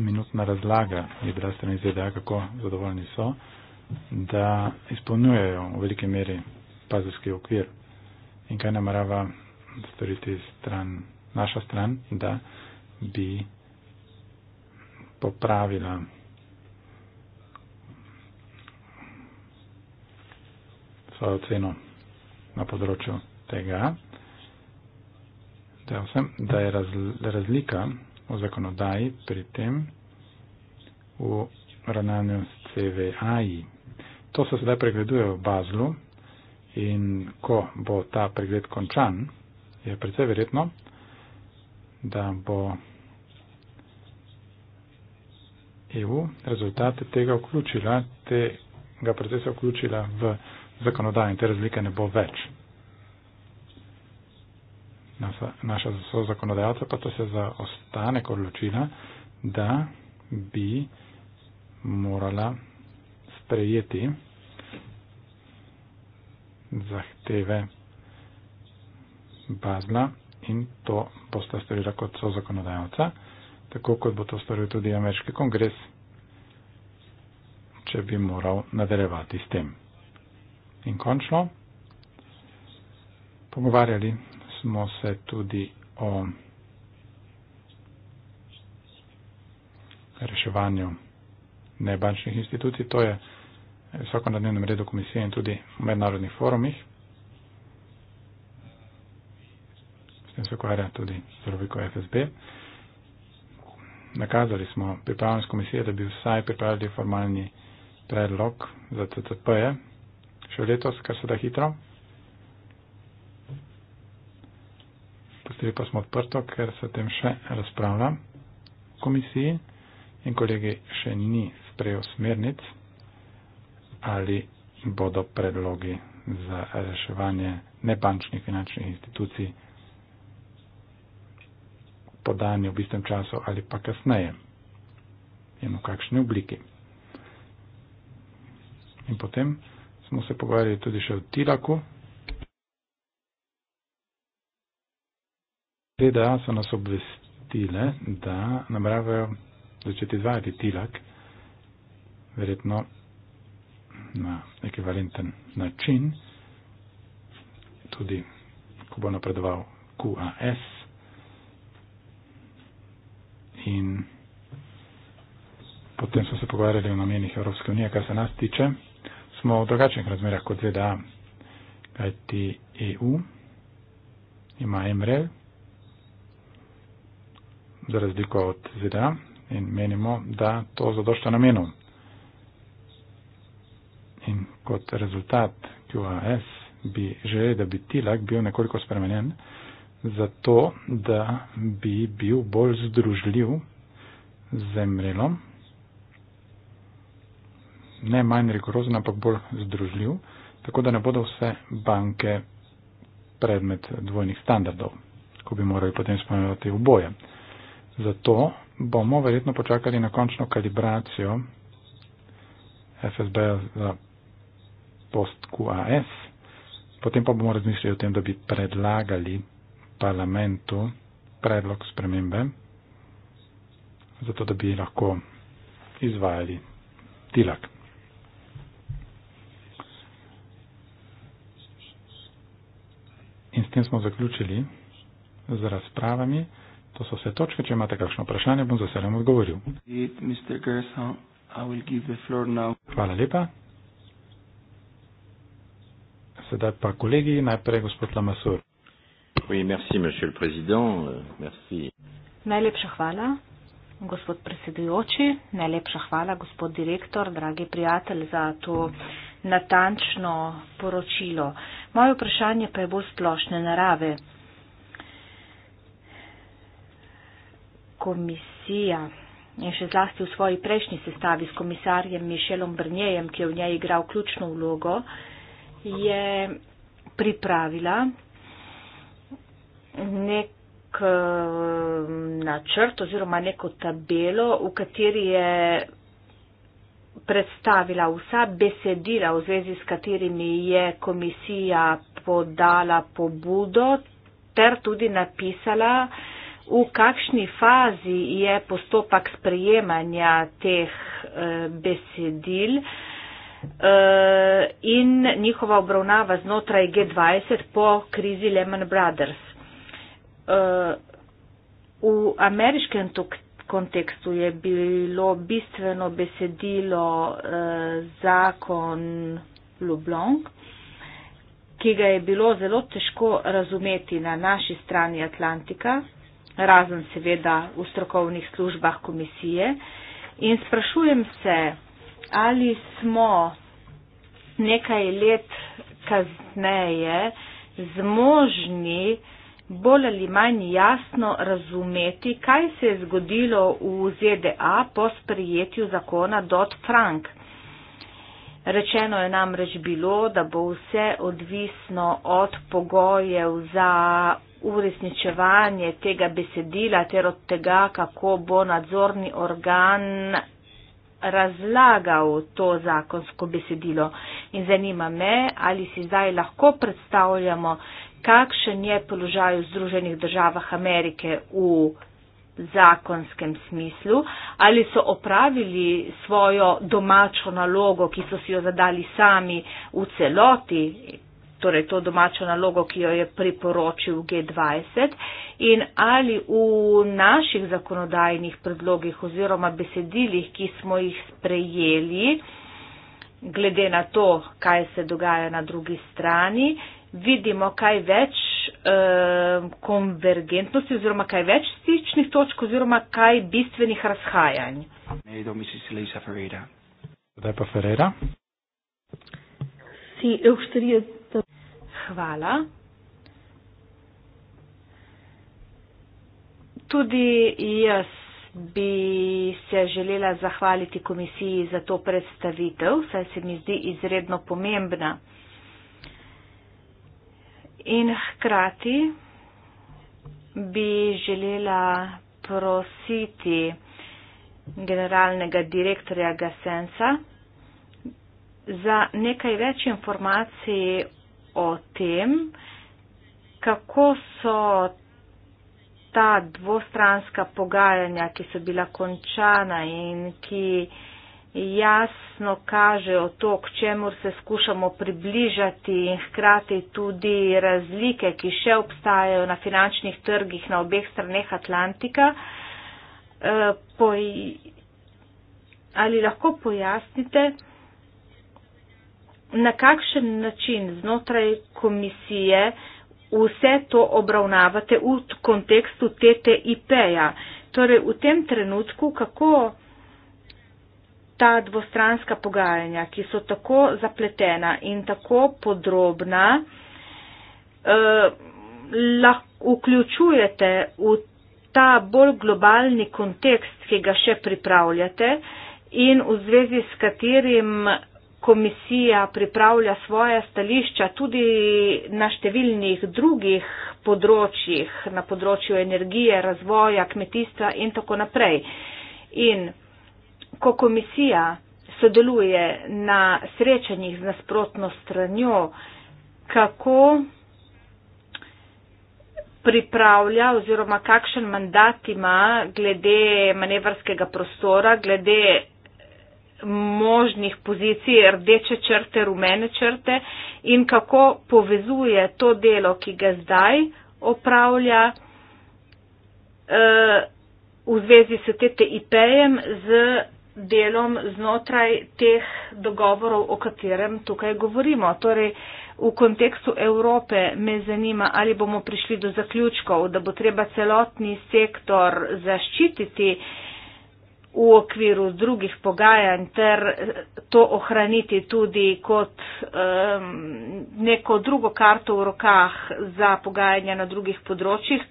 minutna razlaga je bila strani ZDA, kako zadovoljni so, da izpolnjujejo v velike meri pazovski okvir in kaj namerava storiti stran, naša stran, da bi popravila. svojo ceno na področju tega, da je, vsem, da je razlika v zakonodaji pri tem v ravnanju s CVAI. To se sedaj pregleduje v Bazlu in ko bo ta pregled končan, je precej verjetno, da bo EU rezultate tega vključila, tega procesa vključila v zakonodajo in te razlike ne bo več. Naša zakonodajca pa to se za ostanek odločila, da bi morala sprejeti zahteve bazna in to bosta storila kot so zakonodajca tako kot bo to storil tudi ameriški kongres, če bi moral nadaljevati s tem. In končno, pogovarjali smo se tudi o reševanju nebančnih institucij, to je vsako na dnevnem redu komisije in tudi v mednarodnih forumih. S tem se ukvarja tudi zdravniko FSB nakazali smo pripravljenost komisije, da bi vsaj pripravili formalni predlog za TCP-je še letos, kar se da hitro. Pustili pa smo odprto, ker se o tem še razpravlja v komisiji in kolegi še ni sprejel smernic, ali bodo predlogi za reševanje nebančnih finančnih institucij podani v istem času ali pa kasneje in v kakšni obliki. In potem smo se pogovarjali tudi še o Tilaku. ZDA so nas obvestile, da nameravajo začeti izvajati Tilak, verjetno na ekvivalenten način, tudi ko bo napredoval QAS, in potem smo se pogovarjali o namenih Evropske unije, kar se nas tiče. Smo v drugačnih razmerah kot ZDA, kajti EU ima MREL za razliko od ZDA in menimo, da to zadošta namenom. In kot rezultat QAS bi želeli, da bi TILAK bil nekoliko spremenjen zato, da bi bil bolj združljiv z zemrelom, ne manj rigorozen, ampak bolj združljiv, tako da ne bodo vse banke predmet dvojnih standardov, ko bi morali potem spomenuti oboje. Zato bomo verjetno počakali na končno kalibracijo FSB za post QAS, potem pa bomo razmišljali o tem, da bi predlagali parlamentu predlog spremembe, zato da bi lahko izvajali tilak. In s tem smo zaključili z razpravami. To so vse točke. Če imate kakšno vprašanje, bom z veseljem odgovoril. Hvala lepa. Sedaj pa kolegi, najprej gospod Lamasur. Oui, merci, monsieur le président. Euh, merci. Najlepša hvala, gospod predsedujoči, najlepša hvala, gospod direktor, dragi prijatelj, za to natančno poročilo. Moje vprašanje pa je bolj splošne narave. Komisija in še zlasti v svoji prejšnji sestavi s komisarjem Mišelom Brnjejem, ki je v njej igral ključno vlogo, je pripravila nek uh, načrt oziroma neko tabelo, v kateri je predstavila vsa besedila, v zvezi s katerimi je komisija podala pobudo ter tudi napisala, v kakšni fazi je postopek sprejemanja teh uh, besedil uh, in njihova obravnava znotraj G20 po krizi Lehman Brothers uh, v ameriškem kontekstu je bilo bistveno besedilo uh, zakon Lublong, ki ga je bilo zelo težko razumeti na naši strani Atlantika, razen seveda v strokovnih službah komisije. In sprašujem se, ali smo nekaj let kasneje zmožni uh, bolj ali manj jasno razumeti, kaj se je zgodilo v ZDA po sprejetju zakona Dot Frank. Rečeno je namreč bilo, da bo vse odvisno od pogojev za uresničevanje tega besedila ter od tega, kako bo nadzorni organ razlagal to zakonsko besedilo. In zanima me, ali si zdaj lahko predstavljamo, kakšen je položaj v Združenih državah Amerike v zakonskem smislu, ali so opravili svojo domačo nalogo, ki so si jo zadali sami v celoti, torej to domačo nalogo, ki jo je priporočil G20 in ali v naših zakonodajnih predlogih oziroma besedilih, ki smo jih sprejeli, glede na to, kaj se dogaja na drugi strani, vidimo kaj več e, konvergentnosti oziroma kaj več stičnih točk oziroma kaj bistvenih razhajanj. Zdaj pa Ferreira. Hvala. Tudi jaz bi se želela zahvaliti komisiji za to predstavitev, saj se mi zdi izredno pomembna. In hkrati bi želela prositi generalnega direktorja Gasensa za nekaj več informacij o tem, kako so ta dvostranska pogajanja, ki so bila končana in ki jasno kažejo to, k čemur se skušamo približati in hkrati tudi razlike, ki še obstajajo na finančnih trgih na obeh straneh Atlantika. E, ali lahko pojasnite, na kakšen način znotraj komisije vse to obravnavate v kontekstu TTIP-ja? Torej, v tem trenutku, kako ta dvostranska pogajanja, ki so tako zapletena in tako podrobna, eh, lahko vključujete v ta bolj globalni kontekst, ki ga še pripravljate in v zvezi s katerim komisija pripravlja svoja stališča tudi na številnih drugih področjih, na področju energije, razvoja, kmetijstva in tako naprej. In ko komisija sodeluje na srečanjih z nasprotno stranjo, kako pripravlja oziroma kakšen mandat ima glede manevrskega prostora, glede možnih pozicij, rdeče črte, rumene črte in kako povezuje to delo, ki ga zdaj opravlja uh, v zvezi s TTIP-jem z delom znotraj teh dogovorov, o katerem tukaj govorimo. Torej, v kontekstu Evrope me zanima, ali bomo prišli do zaključkov, da bo treba celotni sektor zaščititi v okviru drugih pogajanj ter eh, to ohraniti tudi kot um, neko drugo karto v rokah za pogajanja na drugih področjih.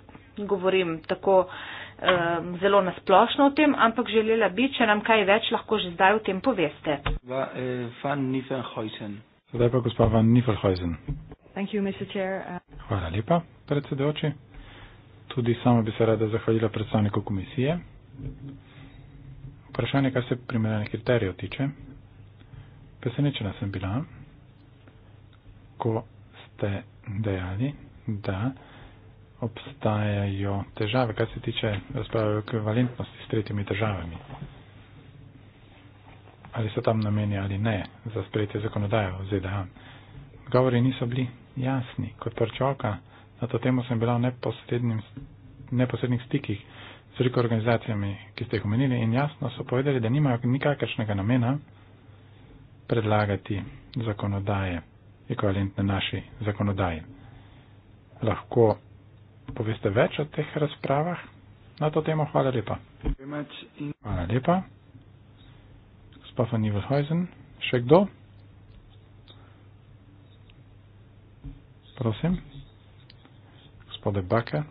Govorim tako um, zelo nasplošno o tem, ampak želela bi, če nam kaj več lahko že zdaj o tem poveste. Eh, zdaj pa gospod Van Nifelhuizen. Uh, Hvala lepa, predsedoči. Tudi sama bi se rada zahvalila predstavniku komisije. Vprašanje, kar se primerjalnih kriterijev tiče. Presenečena sem bila, ko ste dejali, da obstajajo težave, kar se tiče razprave o ekvivalentnosti s tretjimi državami. Ali so tam nameni ali ne za sprejetje zakonodaje v ZDA. Govori niso bili jasni. Kot prčoka na to temo sem bila v neposrednih stikih s veliko organizacijami, ki ste jih omenili in jasno so povedali, da nimajo nikakršnega namena predlagati zakonodaje, ekvivalentne naši zakonodaje. Lahko poveste več o teh razpravah na to temo. Hvala lepa. Hvala lepa. Gospod van Nivelhuizen, še kdo? Prosim. Gospode Bake.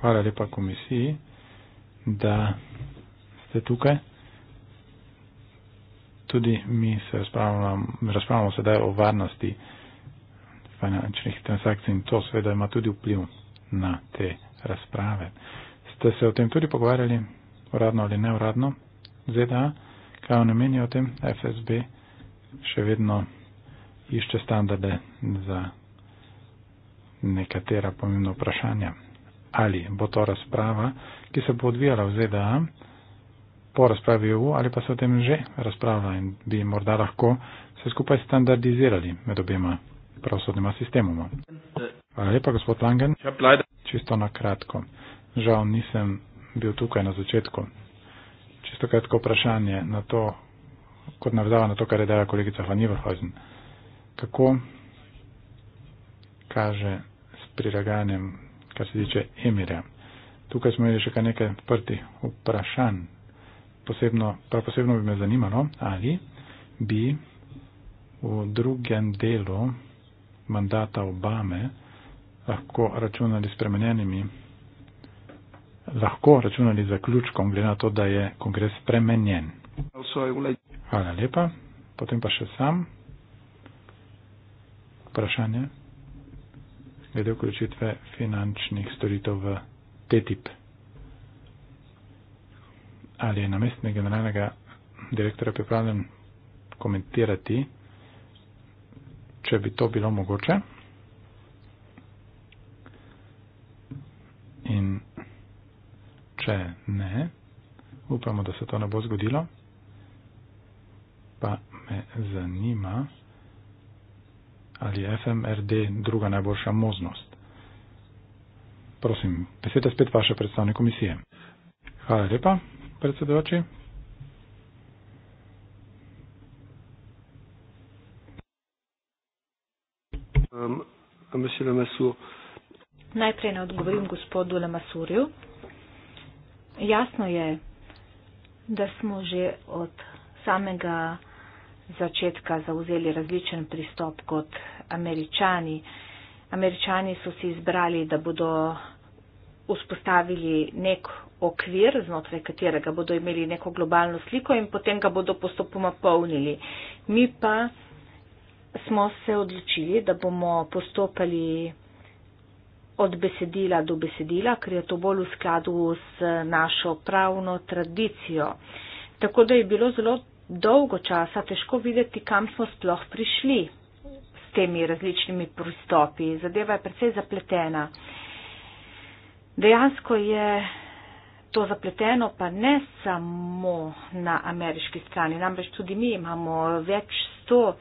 Hvala lepa komisiji, da ste tukaj. Tudi mi se razpravljamo, razpravljamo sedaj o varnosti finančnih transakcij in to seveda ima tudi vpliv na te razprave. Ste se o tem tudi pogovarjali, uradno ali neuradno, ZDA, kaj on meni o tem, FSB še vedno išče standarde za nekatera pomembna vprašanja. Ali bo to razprava, ki se bo odvijala v ZDA po razpravi EU, ali pa se o tem že razpravlja in bi morda lahko se skupaj standardizirali med obema pravosodnima sistemoma. Hvala lepa, gospod Langen. Čisto na kratko. Žal nisem bil tukaj na začetku. Čisto kratko vprašanje na to, kot navzava na to, kar je dala kolegica Hanniverhausen. Kako kaže s priraganjem, kar se tiče emirja? Tukaj smo imeli še kar nekaj prtih vprašanj. Posebno, prav posebno bi me zanimalo, ali bi v drugem delu mandata Obame lahko računali s premenjenimi, lahko računali zaključkom, glede na to, da je kongres spremenjen. Hvala lepa. Potem pa še sam. Vprašanje. Glede vključitve finančnih storitev v TTIP. Ali je namestnik generalnega direktora pripravljen komentirati, če bi to bilo mogoče? in če ne, upamo, da se to ne bo zgodilo, pa me zanima, ali je FMRD druga najboljša možnost. Prosim, besede spet vaše predstavne komisije. Hvala lepa, predsedujoči. Monsieur um, le Massou, Najprej ne odgovorim gospodu Lamasurju. Jasno je, da smo že od samega začetka zauzeli različen pristop kot američani. Američani so si izbrali, da bodo vzpostavili nek okvir, znotraj katerega bodo imeli neko globalno sliko in potem ga bodo postopoma polnili. Mi pa smo se odločili, da bomo postopali od besedila do besedila, ker je to bolj v skladu s našo pravno tradicijo. Tako da je bilo zelo dolgo časa težko videti, kam smo sploh prišli s temi različnimi pristopi. Zadeva je precej zapletena. Dejansko je to zapleteno pa ne samo na ameriški strani, namreč tudi mi imamo več sto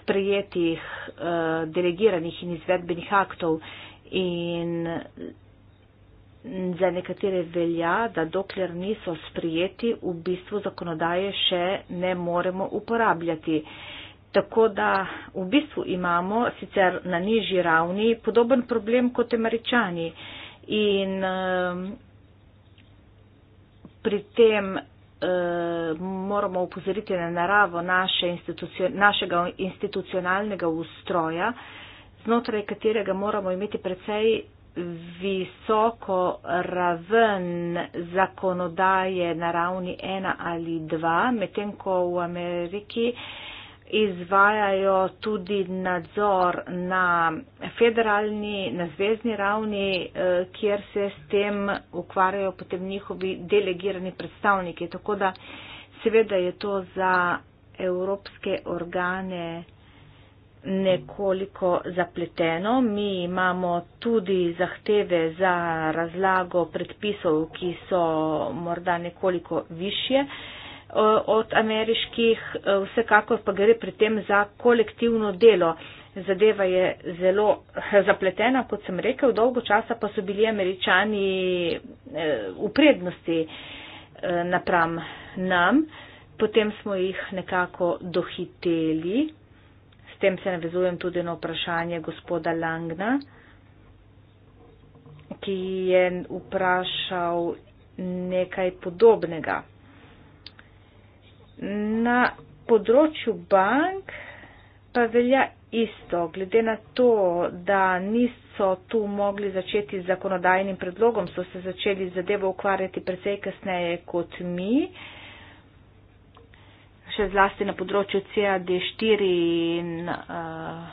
sprejetih uh, delegiranih in izvedbenih aktov, uh, in za nekatere velja, da dokler niso sprijeti, v bistvu zakonodaje še ne moremo uporabljati. Tako da v bistvu imamo sicer na nižji ravni podoben problem kot američani. In um, pri tem ehm, moramo upozoriti na naravo naše institucio našega institucionalnega ustroja, uh, znotraj katerega moramo imeti precej visoko raven zakonodaje na ravni ena ali dva, medtem ko v Ameriki izvajajo tudi nadzor na federalni, na zvezdni ravni, eh, kjer se s tem ukvarjajo potem njihovi delegirani predstavniki. Tako da seveda je to za evropske organe nekoliko zapleteno. Mi imamo tudi zahteve za razlago predpisov, ki so morda nekoliko više eh, od ameriških. Eh, vsekakor pa gre pri tem za kolektivno delo. Zadeva je zelo eh, zapletena, kot sem rekel, dolgo časa pa so bili američani v prednosti napram nam, potem smo jih nekako dohiteli, tem se navezujem tudi na vprašanje gospoda Langna, ki je vprašal nekaj podobnega. Na področju bank pa velja isto, glede na to, da niso tu mogli začeti z zakonodajnim predlogom, so se začeli zadevo ukvarjati precej kasneje kot mi. Uh, še zlasti na področju CAD4 in eh,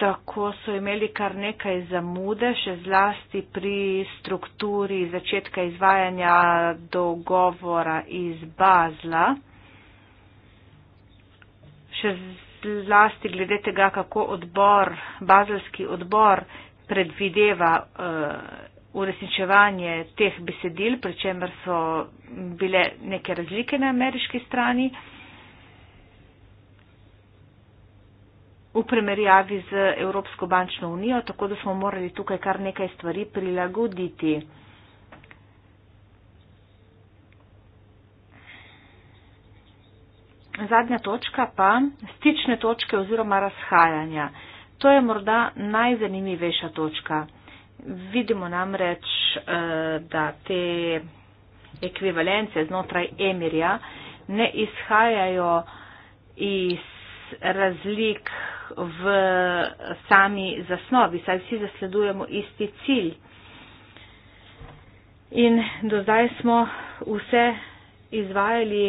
Tako so imeli kar nekaj zamude, še zlasti pri strukturi začetka izvajanja dogovora iz Bazla. Še zlasti glede tega, kako odbor, bazelski odbor predvideva uh, uresničevanje teh besedil, pri čemer so bile neke razlike na ameriški strani v primerjavi z Evropsko bančno unijo, tako da smo morali tukaj kar nekaj stvari prilagoditi. Zadnja točka pa stične točke oziroma razhajanja. To je morda najzanimivejša točka. Vidimo namreč, eh, da te ekvivalence znotraj emirja ne izhajajo iz razlik v sami zasnovi, saj vsi zasledujemo isti cilj. In do zdaj smo vse izvajali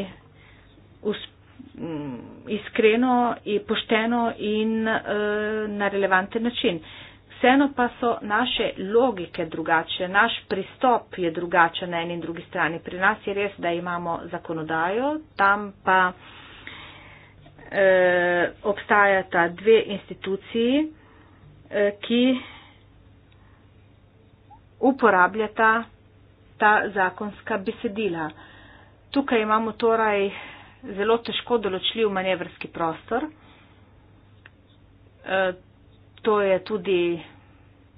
mm, iskreno in pošteno in eh, na relevanten način vseeno pa so naše logike drugače, naš pristop je drugačen na eni in drugi strani. Pri nas je res, da imamo zakonodajo, tam pa e, obstajata dve instituciji, e, ki uporabljata ta zakonska besedila. Tukaj imamo torej zelo težko določljiv manevrski prostor. E, to je tudi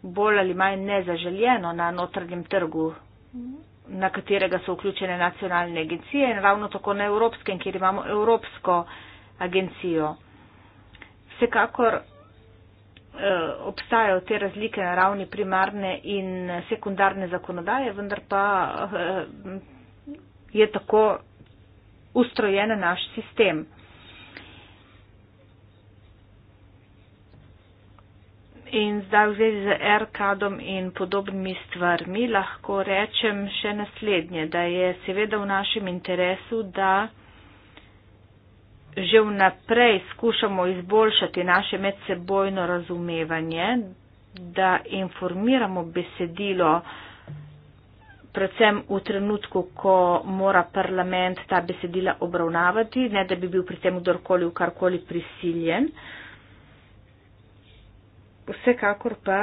bolj ali manj nezaželjeno na notranjem trgu, na katerega so vključene nacionalne agencije in ravno tako na evropskem, kjer imamo evropsko agencijo. Vsekakor eh, obstajajo te razlike na ravni primarne in sekundarne zakonodaje, vendar pa eh, je tako ustrojen naš sistem. In zdaj v zvezi z RKD-om in podobnimi stvarmi lahko rečem še naslednje, da je seveda v našem interesu, da že vnaprej skušamo izboljšati naše medsebojno razumevanje, da informiramo besedilo predvsem v trenutku, ko mora parlament ta besedila obravnavati, ne da bi bil pri tem kdorkoli v karkoli prisiljen. Uh, vsekakor pa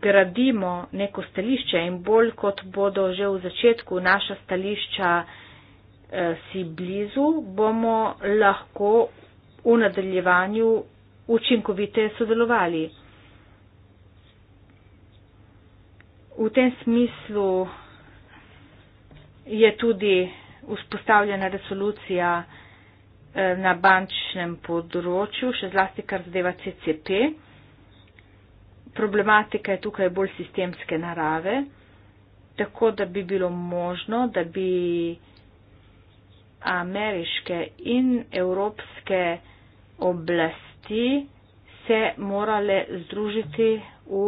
gradimo neko stališče in bolj kot bodo že v začetku naša stališča eh, si blizu, bomo lahko v nadaljevanju učinkovite sodelovali. V tem smislu je tudi vzpostavljena resolucija Eh, na bančnem področju, še zlasti kar zadeva CCP. Problematika je tukaj bolj sistemske narave, tako da bi bilo možno, da bi ameriške in evropske oblasti se morale združiti v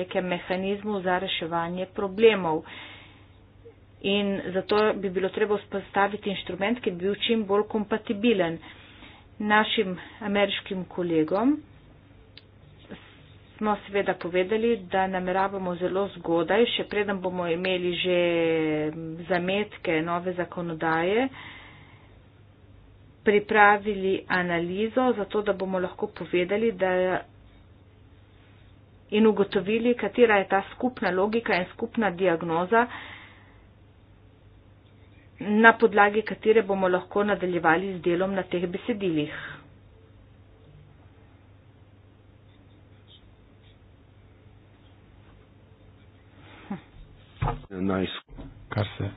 nekem mehanizmu za reševanje problemov. Uh, in zato bi bilo treba vzpostaviti inštrument, ki bi bil čim bolj kompatibilen našim ameriškim kolegom. Smo seveda povedali, da nameravamo zelo zgodaj, še preden bomo imeli že zametke nove zakonodaje, pripravili analizo, zato da bomo lahko povedali da in ugotovili, katera je ta skupna logika in skupna diagnoza, na podlagi katere bomo lahko nadaljevali z delom na teh besedilih. Kar se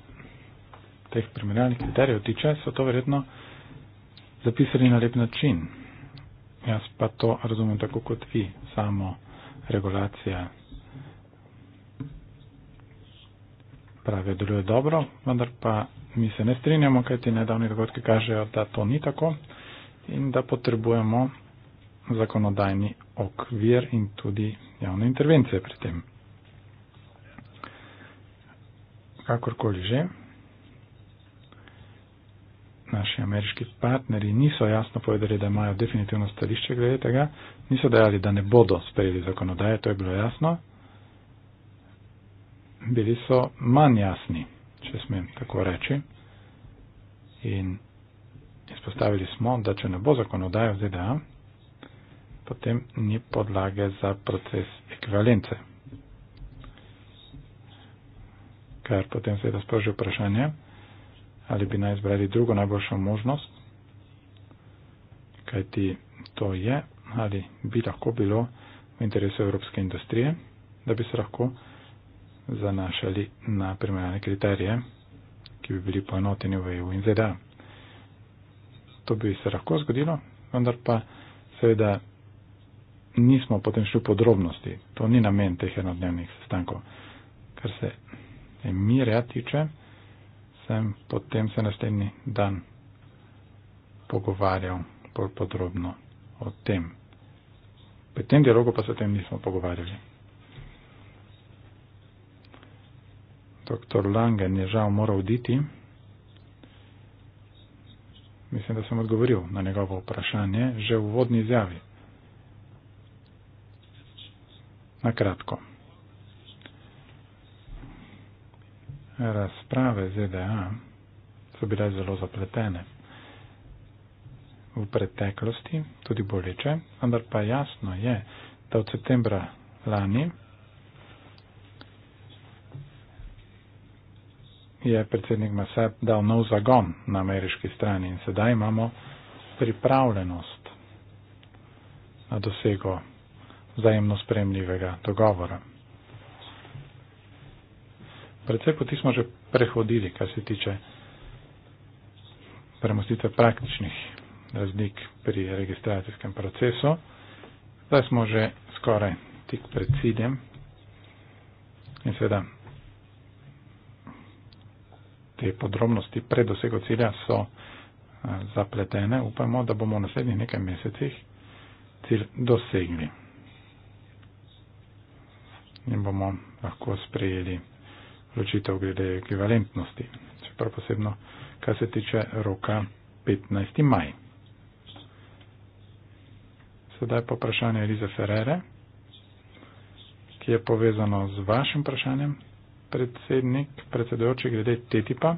teh primerjalnih kriterijev tiče, so to verjetno zapisali na lep način. Jaz pa to razumem tako kot vi, samo regulacija pravijo, deluje dobro, vendar pa mi se ne strinjamo, kaj ti nedavni dogodki kažejo, da to ni tako in da potrebujemo zakonodajni okvir in tudi javne intervencije pri tem. Kakorkoli že, naši ameriški partnerji niso jasno povedali, da imajo definitivno stališče glede tega, niso dejali, da ne bodo sprejeli zakonodaje, to je bilo jasno, bili so manj jasni, če smem tako reči. In izpostavili smo, da če ne bo zakonodaja v ZDA, potem ni podlage za proces ekvivalence. Kar potem seveda sproži vprašanje, ali bi naj izbrali drugo najboljšo možnost, kaj ti to je, ali bi lahko bilo v interesu evropske industrije, da bi se lahko zanašali na primerjalne kriterije, ki bi bili poenoteni v EU in ZDA. To bi se lahko zgodilo, vendar pa seveda nismo potem šli v podrobnosti. To ni namen teh enodnevnih sestankov. Kar se emirja tiče, sem potem se naslednji dan pogovarjal bolj podrobno o tem. Pri tem dialogu pa se o tem nismo pogovarjali. Doktor Langen je žal moral oditi. Mislim, da sem odgovoril na njegovo vprašanje že v vodni izjavi. Na kratko. Razprave ZDA so bile zelo zapletene. V preteklosti tudi boleče, ampak pa jasno je, da od septembra lani je predsednik Maseb dal nov zagon na ameriški strani in sedaj imamo pripravljenost na dosego vzajemno spremljivega dogovora. Predvsej poti smo že prehodili, kar se tiče premostitve praktičnih razlik pri registracijskem procesu. Zdaj smo že skoraj tik pred ciljem in seveda te podrobnosti pred dosego cilja so eh, zapletene, upamo, da bomo v naslednjih nekaj mesecih cilj dosegli. In bomo lahko sprejeli ločitev glede ekvivalentnosti, čeprav posebno, kar se tiče roka 15. maj. Sedaj pa vprašanje Elize Ferrere, ki je povezano z vašim vprašanjem predsednik, predsedujoči glede TTIP-a.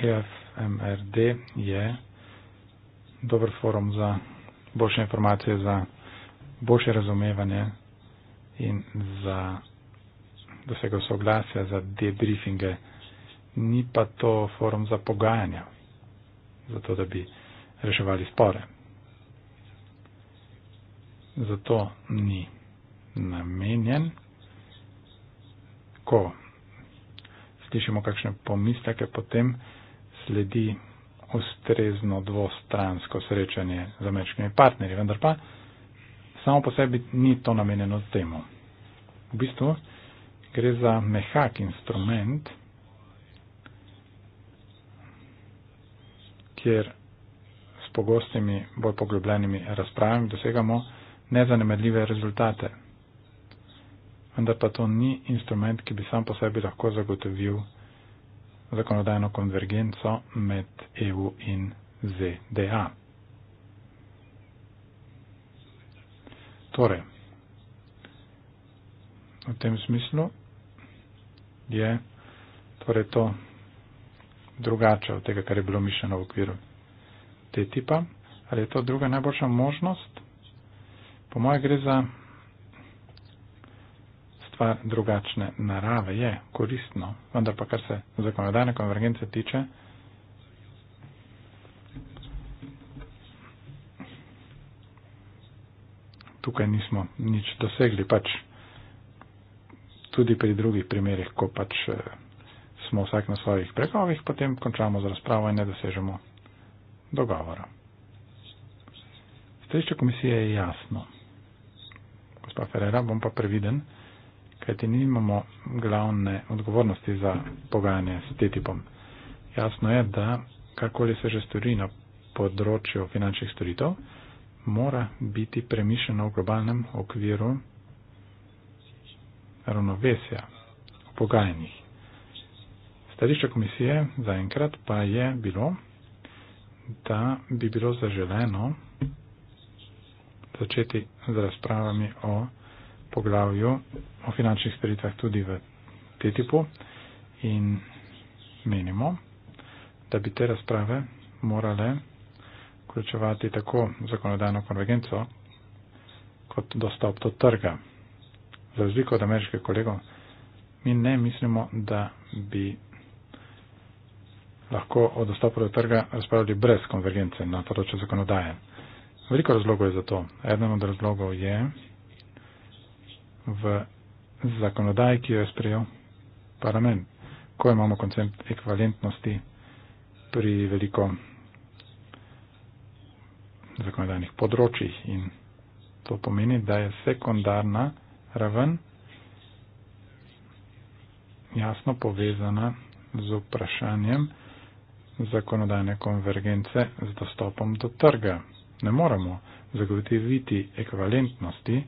EFMRD je dober forum za boljše informacije, za boljše razumevanje in za dosego soglasja, za debriefinge. Ni pa to forum za pogajanja, zato da bi reševali spore zato ni namenjen. Ko slišimo kakšne pomisleke, potem sledi ustrezno dvostransko srečanje z ameriškimi partnerji, vendar pa samo po sebi ni to namenjeno temu. V bistvu gre za mehak instrument, kjer s pogostimi, bolj poglobljenimi razpravami dosegamo, nezanemedljive rezultate. Vendar pa to ni instrument, ki bi sam po sebi lahko zagotovil zakonodajno konvergenco med EU in ZDA. Torej, v tem smislu je torej to drugače od tega, kar je bilo mišljeno v okviru te tipa, ali je to druga najboljša možnost, Po moje gre za stvar drugačne narave, je koristno, vendar pa kar se zakonodajne konvergence tiče, tukaj nismo nič dosegli, pač tudi pri drugih primerih, ko pač eh, smo vsak na svojih pregovih, potem končamo z razpravo in ne dosežemo dogovora. Stališče komisije je jasno gospa Ferrera, bom pa previden, kajti nimamo glavne odgovornosti za pogajanje s TTIP-om. Jasno je, da karkoli se že stori na področju finančnih storitev, mora biti premišljeno v globalnem okviru ravnovesja v pogajanjih. Stališče komisije zaenkrat pa je bilo, da bi bilo zaželeno, začeti z razpravami o poglavju o finančnih storitvah tudi v TTIP-u in menimo, da bi te razprave morale vključevati tako zakonodajno konvergenco kot dostop do trga. Za razliko od ameriških kolegov, mi ne mislimo, da bi lahko o dostopu do trga razpravljali brez konvergence na področju zakonodaje. Veliko razlogov je za to. Eden od razlogov je v zakonodaji, ki jo je sprejel parlament, ko imamo koncept ekvivalentnosti pri veliko zakonodajnih področjih in to pomeni, da je sekundarna raven jasno povezana z vprašanjem zakonodajne konvergence z dostopom do trga ne moremo zagotoviti ekvalentnosti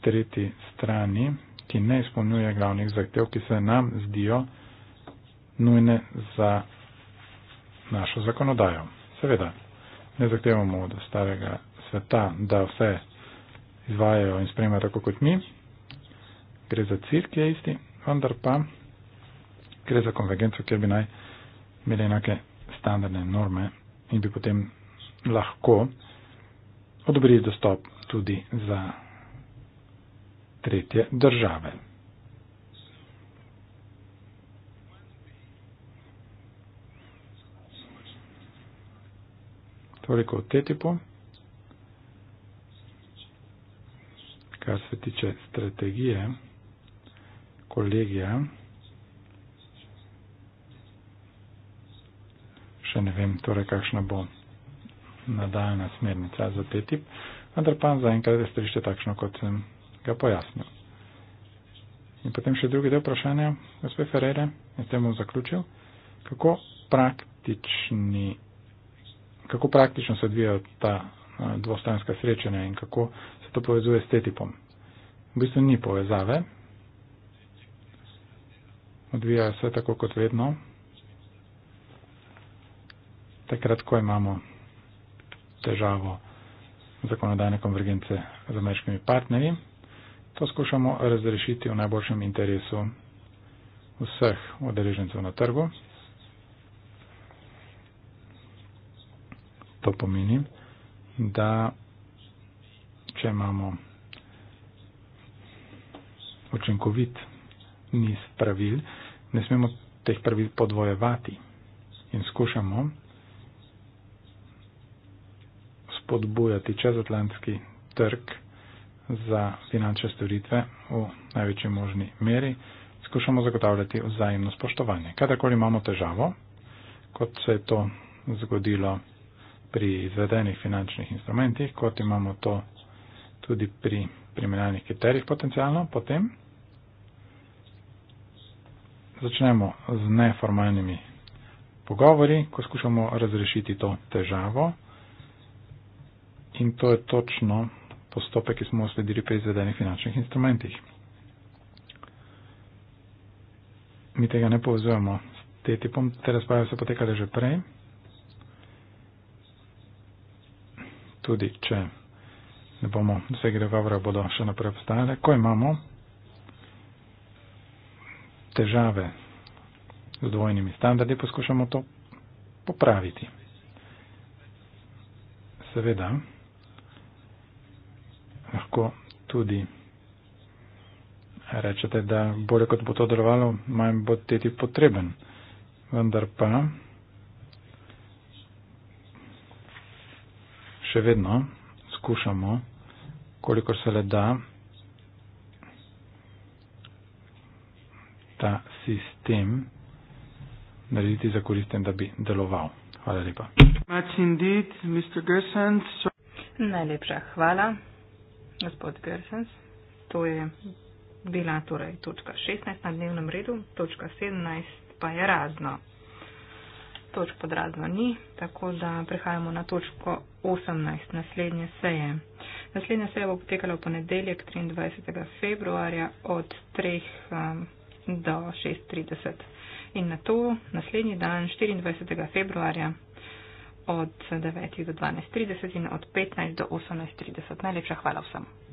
tretji strani, ki ne izpolnjuje glavnih zahtev, ki se nam zdijo nujne za našo zakonodajo. Seveda, ne zahtevamo od starega sveta, da vse izvajajo in spremajo tako kot mi. Gre za cilj, ki je isti, vendar pa gre za konvergenco, kjer bi naj imeli enake standardne norme in bi potem lahko odobriš dostop tudi za tretje države. Toliko o TTIP-u, kar se tiče strategije kolegija. Še ne vem, torej kakšna bo nadaljna smernica za TTIP, vendar pa zaenkrat je strišče takšno, kot sem ga pojasnil. In potem še drugi del vprašanja, gospod Ferrere, in s tem bom zaključil, kako, praktični, kako praktično se odvijajo ta dvostranska srečanja in kako se to povezuje s TTIP-om. V bistvu ni povezave, odvijajo se tako kot vedno, takrat, ko imamo težavo zakonodajne konvergence z ameriškimi partnerji. To skušamo razrešiti v najboljšem interesu vseh odrežencev na trgu. To pomeni, da če imamo učinkovit niz pravil, ne smemo teh pravil podvojevati in skušamo spodbujati čezatlantski trg za finančne storitve v največji možni meri, skušamo zagotavljati vzajemno spoštovanje. Kadarkoli imamo težavo, kot se je to zgodilo pri izvedenih finančnih instrumentih, kot imamo to tudi pri primerjalnih kriterijih potencijalno, potem začnemo z neformalnimi pogovori, ko skušamo razrešiti to težavo in to je točno postopek, ki smo sledili pri izvedenih finančnih instrumentih. Mi tega ne povezujemo s te tipom, te razprave so potekale že prej. Tudi če ne bomo dosegli dogovora, bodo še naprej obstajale. Ko imamo težave z dvojnimi standardi, poskušamo to popraviti. Seveda, lahko tudi rečete, da bolje kot bo to delovalo, manj bo teti potreben. Vendar pa še vedno skušamo, koliko se le da, ta sistem narediti za koristen, da bi deloval. Hvala lepa. Much indeed, Mr. Gerson. So... Najlepša hvala gospod Gersens. To je bila torej točka 16 na dnevnem redu, točka 17 pa je razno. Točk pod razno ni, tako da prehajamo na točko 18 naslednje seje. Naslednja seja bo potekala v ponedeljek 23. februarja od 3 um, do 6.30. In na to naslednji dan 24. februarja od 9 do 12.30 in od 15 do 18.30. Najlepša hvala vsem.